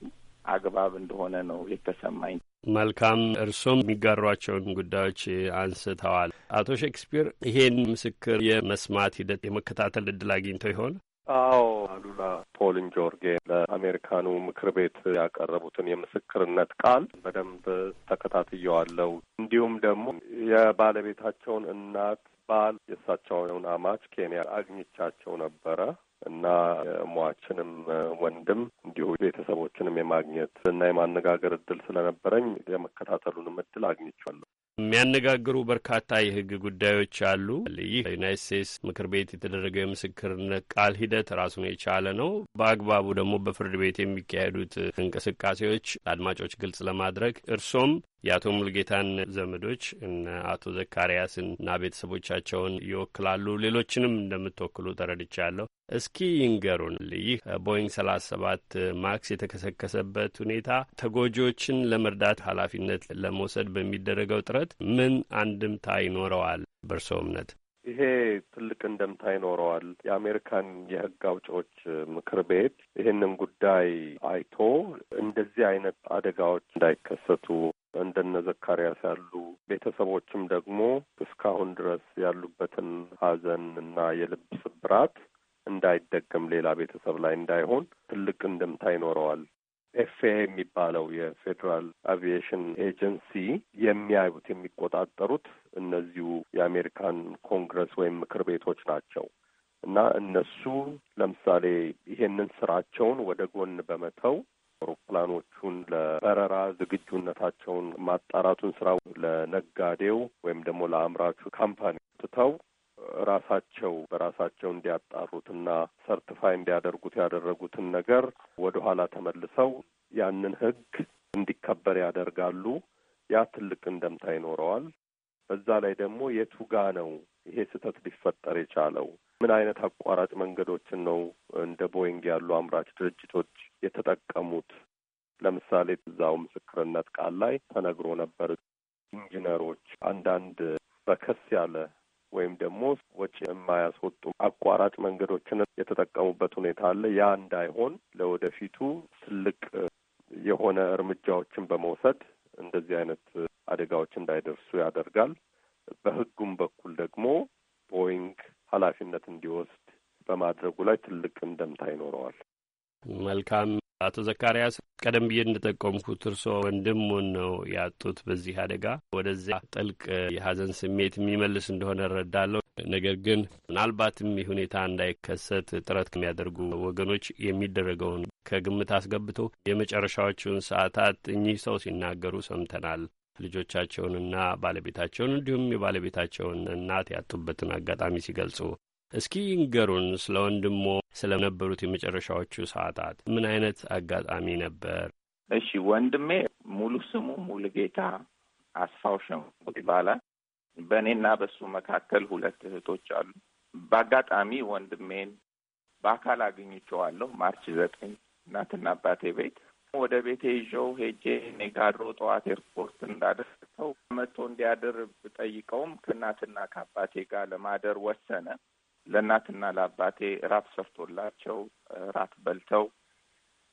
አግባብ እንደሆነ ነው የተሰማኝ። መልካም እርሶም የሚጋሯቸውን ጉዳዮች አንስተዋል። አቶ ሼክስፒር ይሄን ምስክር የመስማት ሂደት የመከታተል እድል አግኝተው ይሆን? አዎ አሉላ ፖሊን ጆርጌ ለአሜሪካኑ ምክር ቤት ያቀረቡትን የምስክርነት ቃል በደንብ ተከታትየዋለው። እንዲሁም ደግሞ የባለቤታቸውን እናት ባል የእሳቸውን አማች ኬንያ አግኝቻቸው ነበረ እና የሟችንም ወንድም እንዲሁ ቤተሰቦችንም የማግኘት እና የማነጋገር እድል ስለነበረኝ የመከታተሉንም እድል አግኝቻለሁ። የሚያነጋግሩ በርካታ የሕግ ጉዳዮች አሉ። ይህ ዩናይት ስቴትስ ምክር ቤት የተደረገው የምስክርነት ቃል ሂደት ራሱን የቻለ ነው። በአግባቡ ደግሞ በፍርድ ቤት የሚካሄዱት እንቅስቃሴዎች አድማጮች ግልጽ ለማድረግ እርሶም የአቶ ሙልጌታን ዘመዶች እነ አቶ ዘካርያስን እና ቤተሰቦቻቸውን ይወክላሉ። ሌሎችንም እንደምትወክሉ ተረድቻለሁ። እስኪ ይንገሩን፣ ይህ ቦይንግ ሰላሳ ሰባት ማክስ የተከሰከሰበት ሁኔታ ተጎጂዎችን ለመርዳት ኃላፊነት ለመውሰድ በሚደረገው ጥረት ምን አንድምታ ይኖረዋል በእርስዎ እምነት? ይሄ ትልቅ እንደምታ ይኖረዋል። የአሜሪካን የህግ አውጪዎች ምክር ቤት ይህንን ጉዳይ አይቶ እንደዚህ አይነት አደጋዎች እንዳይከሰቱ እንደነ ዘካርያስ ያሉ ቤተሰቦችም ደግሞ እስካሁን ድረስ ያሉበትን ሀዘን እና የልብ ስብራት እንዳይደገም ሌላ ቤተሰብ ላይ እንዳይሆን ትልቅ እንደምታ ይኖረዋል ኤፍኤ የሚባለው የፌዴራል አቪዬሽን ኤጀንሲ የሚያዩት የሚቆጣጠሩት እነዚሁ የአሜሪካን ኮንግረስ ወይም ምክር ቤቶች ናቸው እና እነሱ ለምሳሌ ይሄንን ስራቸውን ወደ ጎን በመተው አውሮፕላኖቹን ለበረራ ዝግጁነታቸውን ማጣራቱን ስራ ለነጋዴው ወይም ደግሞ ለአምራቹ ካምፓኒ ትተው ራሳቸው በራሳቸው እንዲያጣሩትና ሰርቲፋይ እንዲያደርጉት ያደረጉትን ነገር ወደ ኋላ ተመልሰው ያንን ህግ እንዲከበር ያደርጋሉ። ያ ትልቅ እንደምታ ይኖረዋል። በዛ ላይ ደግሞ የቱ ጋ ነው ይሄ ስህተት ሊፈጠር የቻለው? ምን አይነት አቋራጭ መንገዶችን ነው እንደ ቦይንግ ያሉ አምራች ድርጅቶች የተጠቀሙት? ለምሳሌ እዛው ምስክርነት ቃል ላይ ተነግሮ ነበር ኢንጂነሮች አንዳንድ በከስ ያለ ወይም ደግሞ ሰዎች የማያስወጡ አቋራጭ መንገዶችን የተጠቀሙበት ሁኔታ አለ። ያ እንዳይሆን ለወደፊቱ ትልቅ የሆነ እርምጃዎችን በመውሰድ እንደዚህ አይነት አደጋዎች እንዳይደርሱ ያደርጋል። በህጉም በኩል ደግሞ ቦይንግ ኃላፊነት እንዲወስድ በማድረጉ ላይ ትልቅ እንደምታ ይኖረዋል። መልካም አቶ ዘካርያስ ቀደም ብዬ እንደጠቆምኩት እርስዎ ወንድሙን ነው ያጡት በዚህ አደጋ። ወደዚያ ጥልቅ የሀዘን ስሜት የሚመልስ እንደሆነ እረዳለሁ። ነገር ግን ምናልባትም ይህ ሁኔታ እንዳይከሰት ጥረት ከሚያደርጉ ወገኖች የሚደረገውን ከግምት አስገብቶ የመጨረሻዎቹን ሰዓታት እኚህ ሰው ሲናገሩ ሰምተናል። ልጆቻቸውንና ባለቤታቸውን እንዲሁም የባለቤታቸውን እናት ያጡበትን አጋጣሚ ሲገልጹ እስኪ ንገሩን ስለ ወንድሞ ስለነበሩት የመጨረሻዎቹ ሰዓታት ምን አይነት አጋጣሚ ነበር? እሺ ወንድሜ ሙሉ ስሙ ሙሉ ጌታ አስፋው ሸንቆጥ ይባላል። በእኔና በሱ መካከል ሁለት እህቶች አሉ። በአጋጣሚ ወንድሜን በአካል አግኝቼዋለሁ ማርች ዘጠኝ እናትና አባቴ ቤት ወደ ቤቴ ይዤው ሄጄ እኔ ጋድሮ ጠዋት ኤርፖርት እንዳደረሰው መጥቶ እንዲያድር ብጠይቀውም ከእናትና ከአባቴ ጋር ለማደር ወሰነ። ለእናትና ለአባቴ ራት ሰርቶላቸው ራት በልተው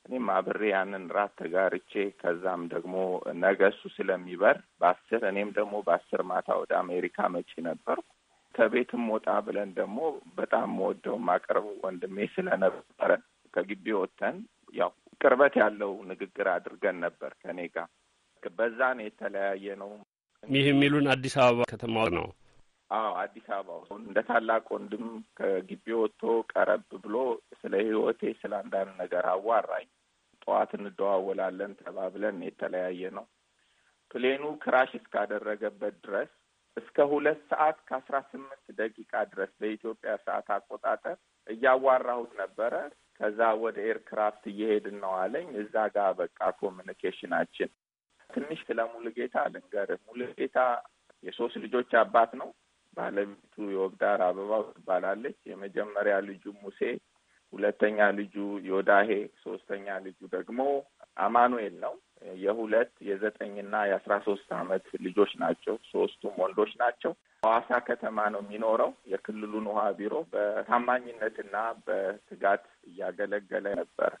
እኔም አብሬ ያንን ራት ተጋርቼ ከዛም ደግሞ ነገ እሱ ስለሚበር በአስር እኔም ደግሞ በአስር ማታ ወደ አሜሪካ መጪ ነበርኩ። ከቤትም ወጣ ብለን ደግሞ በጣም መወደው ማቀርብ ወንድሜ ስለነበረ ከግቢ ወጥተን ያው ቅርበት ያለው ንግግር አድርገን ነበር ከኔ ጋር በዛን የተለያየ ነው። ይህ የሚሉን አዲስ አበባ ከተማ ነው። አዎ አዲስ አበባ ውስጥ እንደ ታላቅ ወንድም ከግቢ ወጥቶ ቀረብ ብሎ ስለ ህይወቴ ስለ አንዳንድ ነገር አዋራኝ። ጠዋት እንደዋወላለን ተባብለን የተለያየ ነው። ፕሌኑ ክራሽ እስካደረገበት ድረስ እስከ ሁለት ሰዓት ከአስራ ስምንት ደቂቃ ድረስ በኢትዮጵያ ሰዓት አቆጣጠር እያዋራሁት ነበረ። ከዛ ወደ ኤርክራፍት እየሄድን ነው አለኝ። እዛ ጋር በቃ ኮሚኒኬሽናችን ትንሽ ስለ ሙሉጌታ ልንገርህ። ሙሉጌታ የሶስት ልጆች አባት ነው። ባለቤቱ የወግዳር አበባው ትባላለች። የመጀመሪያ ልጁ ሙሴ፣ ሁለተኛ ልጁ ዮዳሄ፣ ሶስተኛ ልጁ ደግሞ አማኑኤል ነው። የሁለት የዘጠኝና የአስራ ሶስት አመት ልጆች ናቸው። ሶስቱም ወንዶች ናቸው። ሐዋሳ ከተማ ነው የሚኖረው። የክልሉን ውሃ ቢሮ በታማኝነትና በትጋት እያገለገለ ነበር።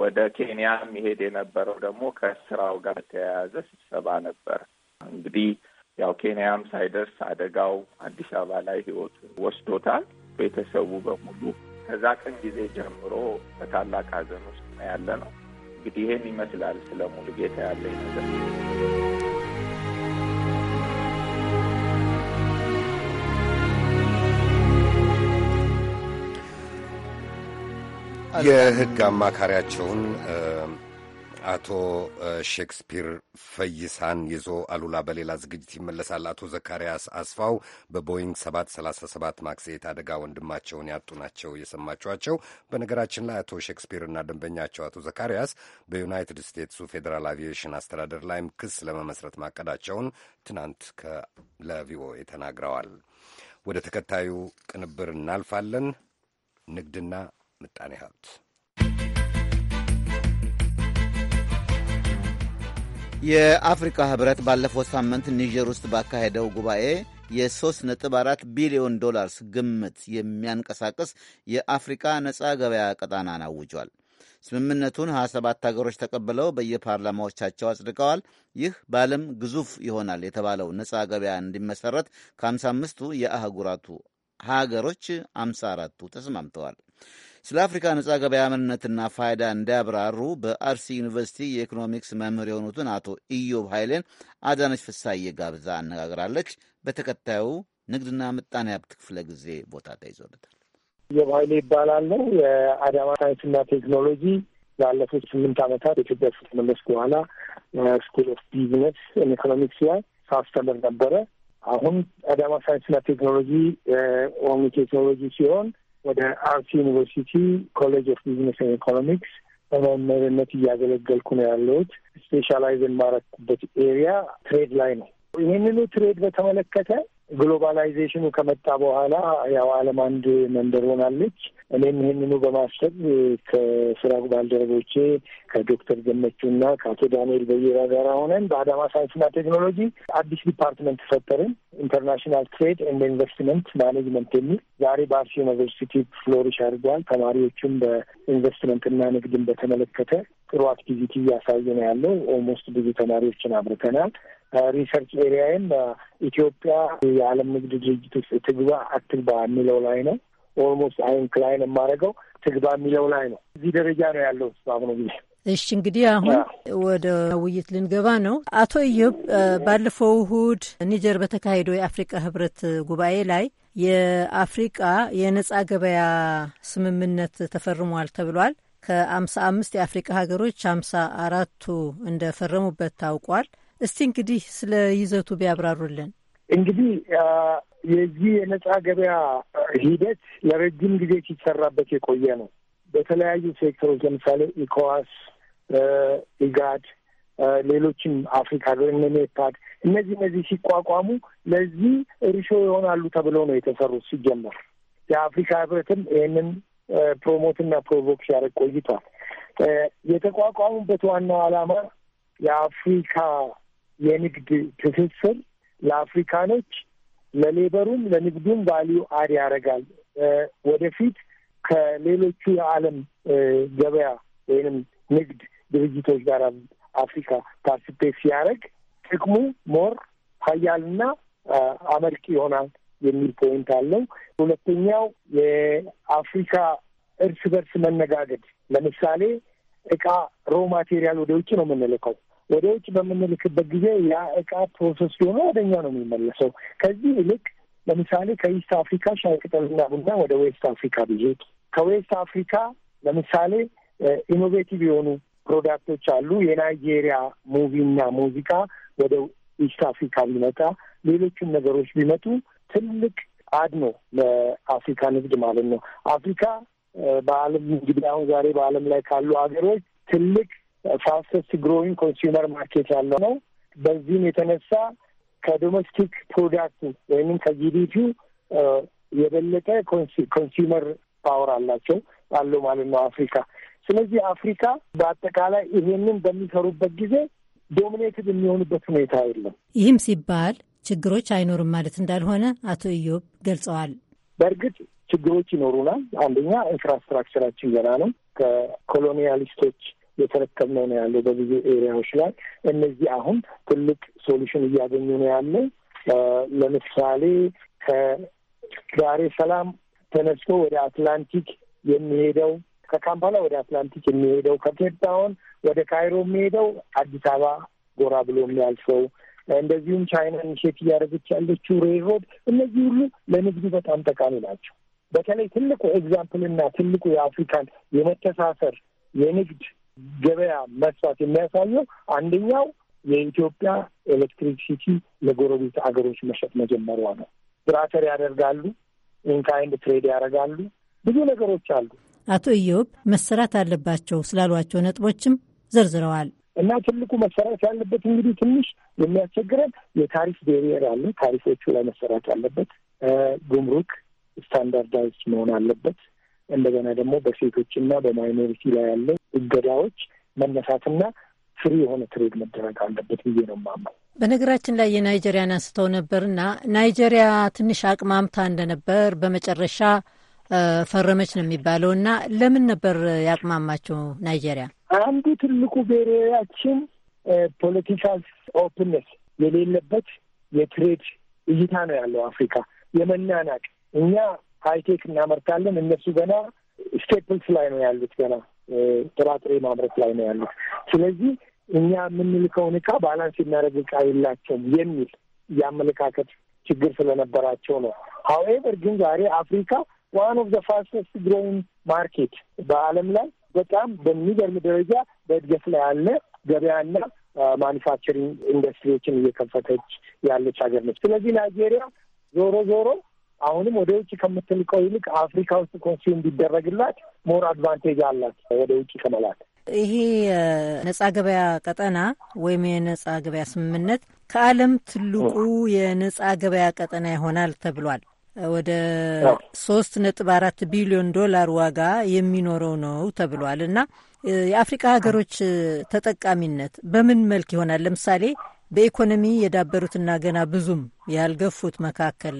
ወደ ኬንያ የሚሄድ የነበረው ደግሞ ከስራው ጋር የተያያዘ ስብሰባ ነበር። እንግዲህ ያው ኬንያም ሳይደርስ አደጋው አዲስ አበባ ላይ ህይወት ወስዶታል። ቤተሰቡ በሙሉ ከዛ ቀን ጊዜ ጀምሮ በታላቅ ሀዘን ውስጥ ነው ያለ ነው። እንግዲህ ይህን ይመስላል ስለ ሙሉጌታ ያለኝ ነገር። የህግ አማካሪያቸውን አቶ ሼክስፒር ፈይሳን ይዞ አሉላ በሌላ ዝግጅት ይመለሳል። አቶ ዘካርያስ አስፋው በቦይንግ 737 ማክስኤት አደጋ ወንድማቸውን ያጡ ናቸው የሰማችኋቸው። በነገራችን ላይ አቶ ሼክስፒር እና ደንበኛቸው አቶ ዘካርያስ በዩናይትድ ስቴትሱ ፌዴራል አቪዬሽን አስተዳደር ላይም ክስ ለመመስረት ማቀዳቸውን ትናንት ለቪኦኤ ተናግረዋል። ወደ ተከታዩ ቅንብር እናልፋለን። ንግድና ምጣኔ ሀብት የአፍሪካ ህብረት ባለፈው ሳምንት ኒጀር ውስጥ ባካሄደው ጉባኤ የ3.4 ቢሊዮን ዶላርስ ግምት የሚያንቀሳቅስ የአፍሪካ ነፃ ገበያ ቀጣናን አውጇል። ስምምነቱን 27 ሀገሮች ተቀብለው በየፓርላማዎቻቸው አጽድቀዋል። ይህ በዓለም ግዙፍ ይሆናል የተባለው ነፃ ገበያ እንዲመሰረት ከ55ቱ የአህጉራቱ ሀገሮች 54ቱ ተስማምተዋል። ስለ አፍሪካ ነጻ ገበያ ምንነትና ፋይዳ እንዲያብራሩ በአርሲ ዩኒቨርሲቲ የኢኮኖሚክስ መምህር የሆኑትን አቶ ኢዮብ ኃይሌን አዳነች ፍሳዬ ጋብዛ አነጋግራለች። በተከታዩ ንግድና ምጣኔ ሀብት ክፍለ ጊዜ ቦታ ተይዞለታል። ኢዮብ ኃይሌ ይባላል ነው የአዳማ ሳይንስና ቴክኖሎጂ ላለፉት ስምንት ዓመታት ኢትዮጵያ ውስጥ መለስ በኋላ ስኩል ኦፍ ቢዝነስ ኢኮኖሚክስ ላይ ሳስተምር ነበረ። አሁን አዳማ ሳይንስና ቴክኖሎጂ ኦሚ ቴክኖሎጂ ሲሆን ወደ አርሲ ዩኒቨርሲቲ ኮሌጅ ኦፍ ቢዝነስ ኢኮኖሚክስ በመምህርነት እያገለገልኩ ነው ያለሁት። ስፔሻላይዝ የማረኩበት ኤሪያ ትሬድ ላይ ነው። ይህንኑ ትሬድ በተመለከተ ግሎባላይዜሽኑ ከመጣ በኋላ ያው ዓለም አንድ መንደር ሆናለች። እኔም ይህንኑ በማሰብ ከስራ ባልደረቦቼ ከዶክተር ገመቹና ከአቶ ዳንኤል በየራ ጋር ሆነን በአዳማ ሳይንስና ቴክኖሎጂ አዲስ ዲፓርትመንት ፈጠርን፣ ኢንተርናሽናል ትሬድ ኤንድ ኢንቨስትመንት ማኔጅመንት የሚል ዛሬ በአርሲ ዩኒቨርሲቲ ፍሎሪሽ አድርጓል። ተማሪዎቹም በኢንቨስትመንትና ንግድን በተመለከተ ጥሩ አክቲቪቲ እያሳየ ነው ያለው። ኦልሞስት ብዙ ተማሪዎችን አብርተናል። ሪሰርች ኤሪያዬም ኢትዮጵያ የዓለም ንግድ ድርጅት ውስጥ ትግባ አትግባ የሚለው ላይ ነው። ኦልሞስት አይን ክላይን የማደርገው ትግባ የሚለው ላይ ነው። እዚህ ደረጃ ነው ያለው በአሁኑ ጊዜ። እሺ እንግዲህ አሁን ወደ ውይይት ልንገባ ነው። አቶ ኢዮብ ባለፈው እሁድ ኒጀር በተካሄደው የአፍሪቃ ህብረት ጉባኤ ላይ የአፍሪቃ የነጻ ገበያ ስምምነት ተፈርሟል ተብሏል። ከአምሳ አምስት የአፍሪቃ ሀገሮች አምሳ አራቱ እንደፈረሙበት ታውቋል። እስቲ እንግዲህ ስለ ይዘቱ ቢያብራሩልን። እንግዲህ የዚህ የነጻ ገበያ ሂደት ለረጅም ጊዜ ሲሰራበት የቆየ ነው። በተለያዩ ሴክተሮች ለምሳሌ ኢኮዋስ፣ ኢጋድ፣ ሌሎችም አፍሪካ ወይም ኔፓድ እነዚህ እነዚህ ሲቋቋሙ ለዚህ እርሾ ይሆናሉ ተብለው ነው የተሰሩት። ሲጀመር የአፍሪካ ህብረትም ይህንን ፕሮሞትና ፕሮቮክ ሲያደርግ ቆይቷል። የተቋቋሙበት ዋናው ዓላማ የአፍሪካ የንግድ ትስስር ለአፍሪካኖች ለሌበሩም ለንግዱም ቫሊዩ አድ ያደርጋል። ወደፊት ከሌሎቹ የዓለም ገበያ ወይንም ንግድ ድርጅቶች ጋር አፍሪካ ፓርቲፔት ሲያደርግ ጥቅሙ ሞር ሀያልና አመርቂ ይሆናል የሚል ፖይንት አለው። ሁለተኛው የአፍሪካ እርስ በርስ መነጋገድ፣ ለምሳሌ እቃ ሮ ማቴሪያል ወደ ውጭ ነው የምንልከው ወደ ውጭ በምንልክበት ጊዜ ያ እቃ ፕሮሰስ ሲሆነ ወደኛ ነው የሚመለሰው። ከዚህ ይልቅ ለምሳሌ ከኢስት አፍሪካ ሻይ ቅጠልና ቡና ወደ ዌስት አፍሪካ ቢሄድ፣ ከዌስት አፍሪካ ለምሳሌ ኢኖቬቲቭ የሆኑ ፕሮዳክቶች አሉ። የናይጄሪያ ሙቪና ሙዚቃ ወደ ኢስት አፍሪካ ቢመጣ፣ ሌሎችም ነገሮች ቢመጡ ትልቅ አድኖ ለአፍሪካ ንግድ ማለት ነው። አፍሪካ በዓለም እንግዲህ አሁን ዛሬ በዓለም ላይ ካሉ ሀገሮች ትልቅ ፋስተስት ግሮዊንግ ኮንሱመር ማርኬት ያለው ነው። በዚህም የተነሳ ከዶሜስቲክ ፕሮዳክቱ ወይም ከጂዲፒው የበለጠ ኮንሱመር ፓወር አላቸው አለው ማለት ነው አፍሪካ። ስለዚህ አፍሪካ በአጠቃላይ ይሄንን በሚሰሩበት ጊዜ ዶሚኔትድ የሚሆኑበት ሁኔታ የለም። ይህም ሲባል ችግሮች አይኖርም ማለት እንዳልሆነ አቶ ኢዮብ ገልጸዋል። በእርግጥ ችግሮች ይኖሩናል። አንደኛ ኢንፍራስትራክቸራችን ገና ነው። ከኮሎኒያሊስቶች የተረከብ ነው ያለው በብዙ ኤሪያዎች ላይ። እነዚህ አሁን ትልቅ ሶሉሽን እያገኙ ነው ያለው። ለምሳሌ ከዳሬ ሰላም ተነስቶ ወደ አትላንቲክ የሚሄደው ከካምፓላ ወደ አትላንቲክ የሚሄደው ከኬፕ ወደ ካይሮ የሚሄደው አዲስ አበባ ጎራ ብሎ የሚያልፈው እንደዚሁም ቻይናን ሼት እያደረገች ያለችው ሬልሮድ፣ እነዚህ ሁሉ ለንግዱ በጣም ጠቃሚ ናቸው። በተለይ ትልቁ ኤግዛምፕልና ትልቁ የአፍሪካን የመተሳሰር የንግድ ገበያ መስፋት የሚያሳየው አንደኛው የኢትዮጵያ ኤሌክትሪክሲቲ ለጎረቤት አገሮች መሸጥ መጀመሯ ነው። ብራተር ያደርጋሉ፣ ኢንካይንድ ትሬድ ያደርጋሉ፣ ብዙ ነገሮች አሉ። አቶ ኢዮብ መሰራት አለባቸው ስላሏቸው ነጥቦችም ዘርዝረዋል። እና ትልቁ መሰራት ያለበት እንግዲህ ትንሽ የሚያስቸግረን የታሪፍ ቤሪየር አለ። ታሪፎቹ ላይ መሰራት ያለበት ጉምሩክ ስታንዳርዳይዝ መሆን አለበት። እንደገና ደግሞ በሴቶችና በማይኖሪቲ ላይ ያለው እገዳዎች መነሳትና ፍሪ የሆነ ትሬድ መደረግ አለበት ብዬ ነው የማምነው። በነገራችን ላይ የናይጄሪያን አንስተው ነበርና ናይጄሪያ ትንሽ አቅማምታ እንደነበር በመጨረሻ ፈረመች ነው የሚባለው። እና ለምን ነበር ያቅማማቸው ናይጄሪያ? አንዱ ትልቁ ቤሪያችን ፖለቲካል ኦፕነስ የሌለበት የትሬድ እይታ ነው ያለው። አፍሪካ የመናናቅ እኛ ሀይቴክ እናመርታለን። እነሱ ገና ስቴፕልስ ላይ ነው ያሉት፣ ገና ጥራጥሬ ማምረት ላይ ነው ያሉት። ስለዚህ እኛ የምንልከውን እቃ ባላንስ የሚያደርግ እቃ የላቸውም የሚል የአመለካከት ችግር ስለነበራቸው ነው። ሀውኤቨር ግን ዛሬ አፍሪካ ዋን ኦፍ ዘ ፋስተስት ግሮዊንግ ማርኬት በዓለም ላይ በጣም በሚገርም ደረጃ በእድገት ላይ ያለ ገበያና ማኒፋክቸሪንግ ኢንዱስትሪዎችን እየከፈተች ያለች ሀገር ነች። ስለዚህ ናይጄሪያ ዞሮ ዞሮ አሁንም ወደ ውጭ ከምትልቀው ይልቅ አፍሪካ ውስጥ ኮንሱም እንዲደረግላት ሞር አድቫንቴጅ አላት ወደ ውጭ ከመላት። ይሄ የነጻ ገበያ ቀጠና ወይም የነጻ ገበያ ስምምነት ከዓለም ትልቁ የነጻ ገበያ ቀጠና ይሆናል ተብሏል። ወደ ሶስት ነጥብ አራት ቢሊዮን ዶላር ዋጋ የሚኖረው ነው ተብሏል። እና የአፍሪካ ሀገሮች ተጠቃሚነት በምን መልክ ይሆናል? ለምሳሌ በኢኮኖሚ የዳበሩትና ገና ብዙም ያልገፉት መካከል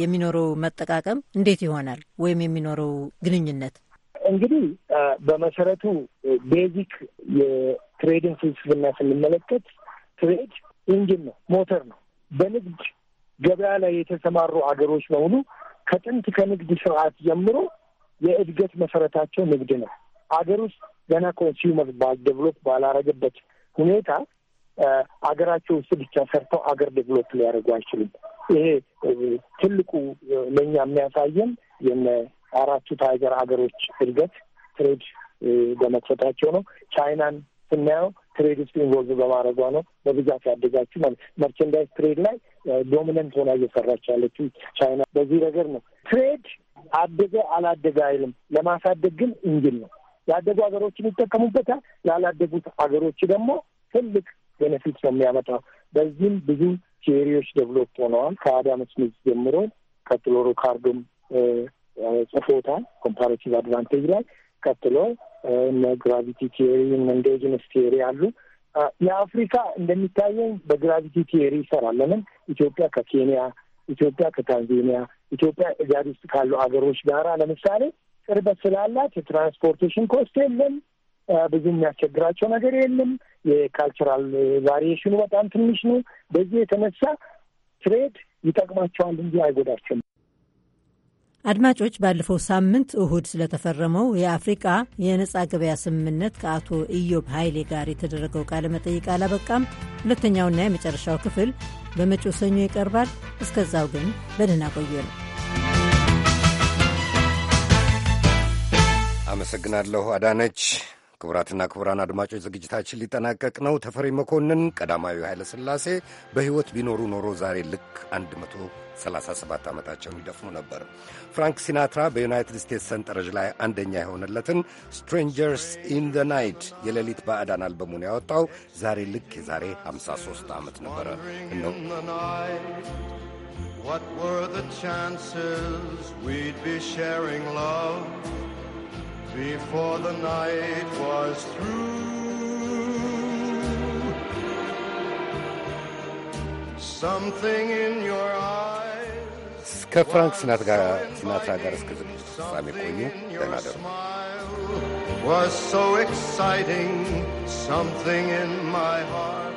የሚኖረው መጠቃቀም እንዴት ይሆናል? ወይም የሚኖረው ግንኙነት እንግዲህ በመሰረቱ ቤዚክ የትሬድን ፍልስፍና ስንመለከት ትሬድ ኢንጂን ነው፣ ሞተር ነው። በንግድ ገበያ ላይ የተሰማሩ አገሮች በሙሉ ከጥንት ከንግድ ስርዓት ጀምሮ የእድገት መሰረታቸው ንግድ ነው። ሀገር ውስጥ ገና ኮንሱመር ባልዴቨሎፕ ባላረገበት ሁኔታ አገራቸው ውስጥ ብቻ ሰርተው አገር ዴቨሎፕ ሊያደርጉ አይችሉም። ይሄ ትልቁ ለእኛ የሚያሳየን የነ አራቱ ታይገር ሀገሮች እድገት ትሬድ በመክፈታቸው ነው። ቻይናን ስናየው ትሬድ ውስጥ ኢንቮልቭ በማድረጓ ነው በብዛት ያደጋችው ማለት መርቸንዳይዝ ትሬድ ላይ ዶሚነንት ሆና እየሰራች ያለችው ቻይና በዚህ ነገር ነው። ትሬድ አደገ አላደገ አይልም። ለማሳደግ ግን እንግል ነው። ያደጉ ሀገሮችን ይጠቀሙበታል። ላላደጉት ሀገሮች ደግሞ ትልቅ ቤኔፊት ነው የሚያመጣው። በዚህም ብዙ ቴሪዎች ደብሎፕ ሆነዋል። ከአዳም ስሚዝ ጀምሮ ቀጥሎ ሪካርዶም ጽፎታል ኮምፓሬቲቭ አድቫንቴጅ ላይ ቀጥሎ እነ ግራቪቲ ቴሪ እነ ቴሪ አሉ። የአፍሪካ እንደሚታየኝ በግራቪቲ ቴሪ ይሰራል። ለምን ኢትዮጵያ ከኬንያ ኢትዮጵያ ከታንዛኒያ ኢትዮጵያ እዛድ ውስጥ ካሉ ሀገሮች ጋራ ለምሳሌ ቅርበት ስላላት የትራንስፖርቴሽን ኮስት የለም ብዙ የሚያስቸግራቸው ነገር የለም። የካልቸራል ቫሪዬሽኑ በጣም ትንሽ ነው። በዚህ የተነሳ ትሬድ ይጠቅማቸዋል እንጂ አይጎዳቸውም። አድማጮች፣ ባለፈው ሳምንት እሁድ ስለተፈረመው የአፍሪቃ የነጻ ገበያ ስምምነት ከአቶ ኢዮብ ኃይሌ ጋር የተደረገው ቃለ መጠይቅ አላበቃም። ሁለተኛውና የመጨረሻው ክፍል በመጪው ሰኞ ይቀርባል። እስከዛው ግን በደህና ቆየ ነው። አመሰግናለሁ አዳነች። ክቡራትና ክቡራን አድማጮች ዝግጅታችን ሊጠናቀቅ ነው። ተፈሪ መኮንን ቀዳማዊ ኃይለ ሥላሴ በሕይወት ቢኖሩ ኖሮ ዛሬ ልክ 137 ዓመታቸውን ይደፍኑ ነበር። ፍራንክ ሲናትራ በዩናይትድ ስቴትስ ሰንጠረዥ ላይ አንደኛ የሆነለትን ስትሬንጀርስ ኢን ዘ ናይት የሌሊት ባዕዳን አልበሙን ያወጣው ዛሬ ልክ የዛሬ 53 ዓመት ነበረ ነው። What were the chances we'd be sharing love? before the night was through. Something in your eyes. ከፍራንክ ሲናትራ ጋር እስከ Was so exciting, something in my heart.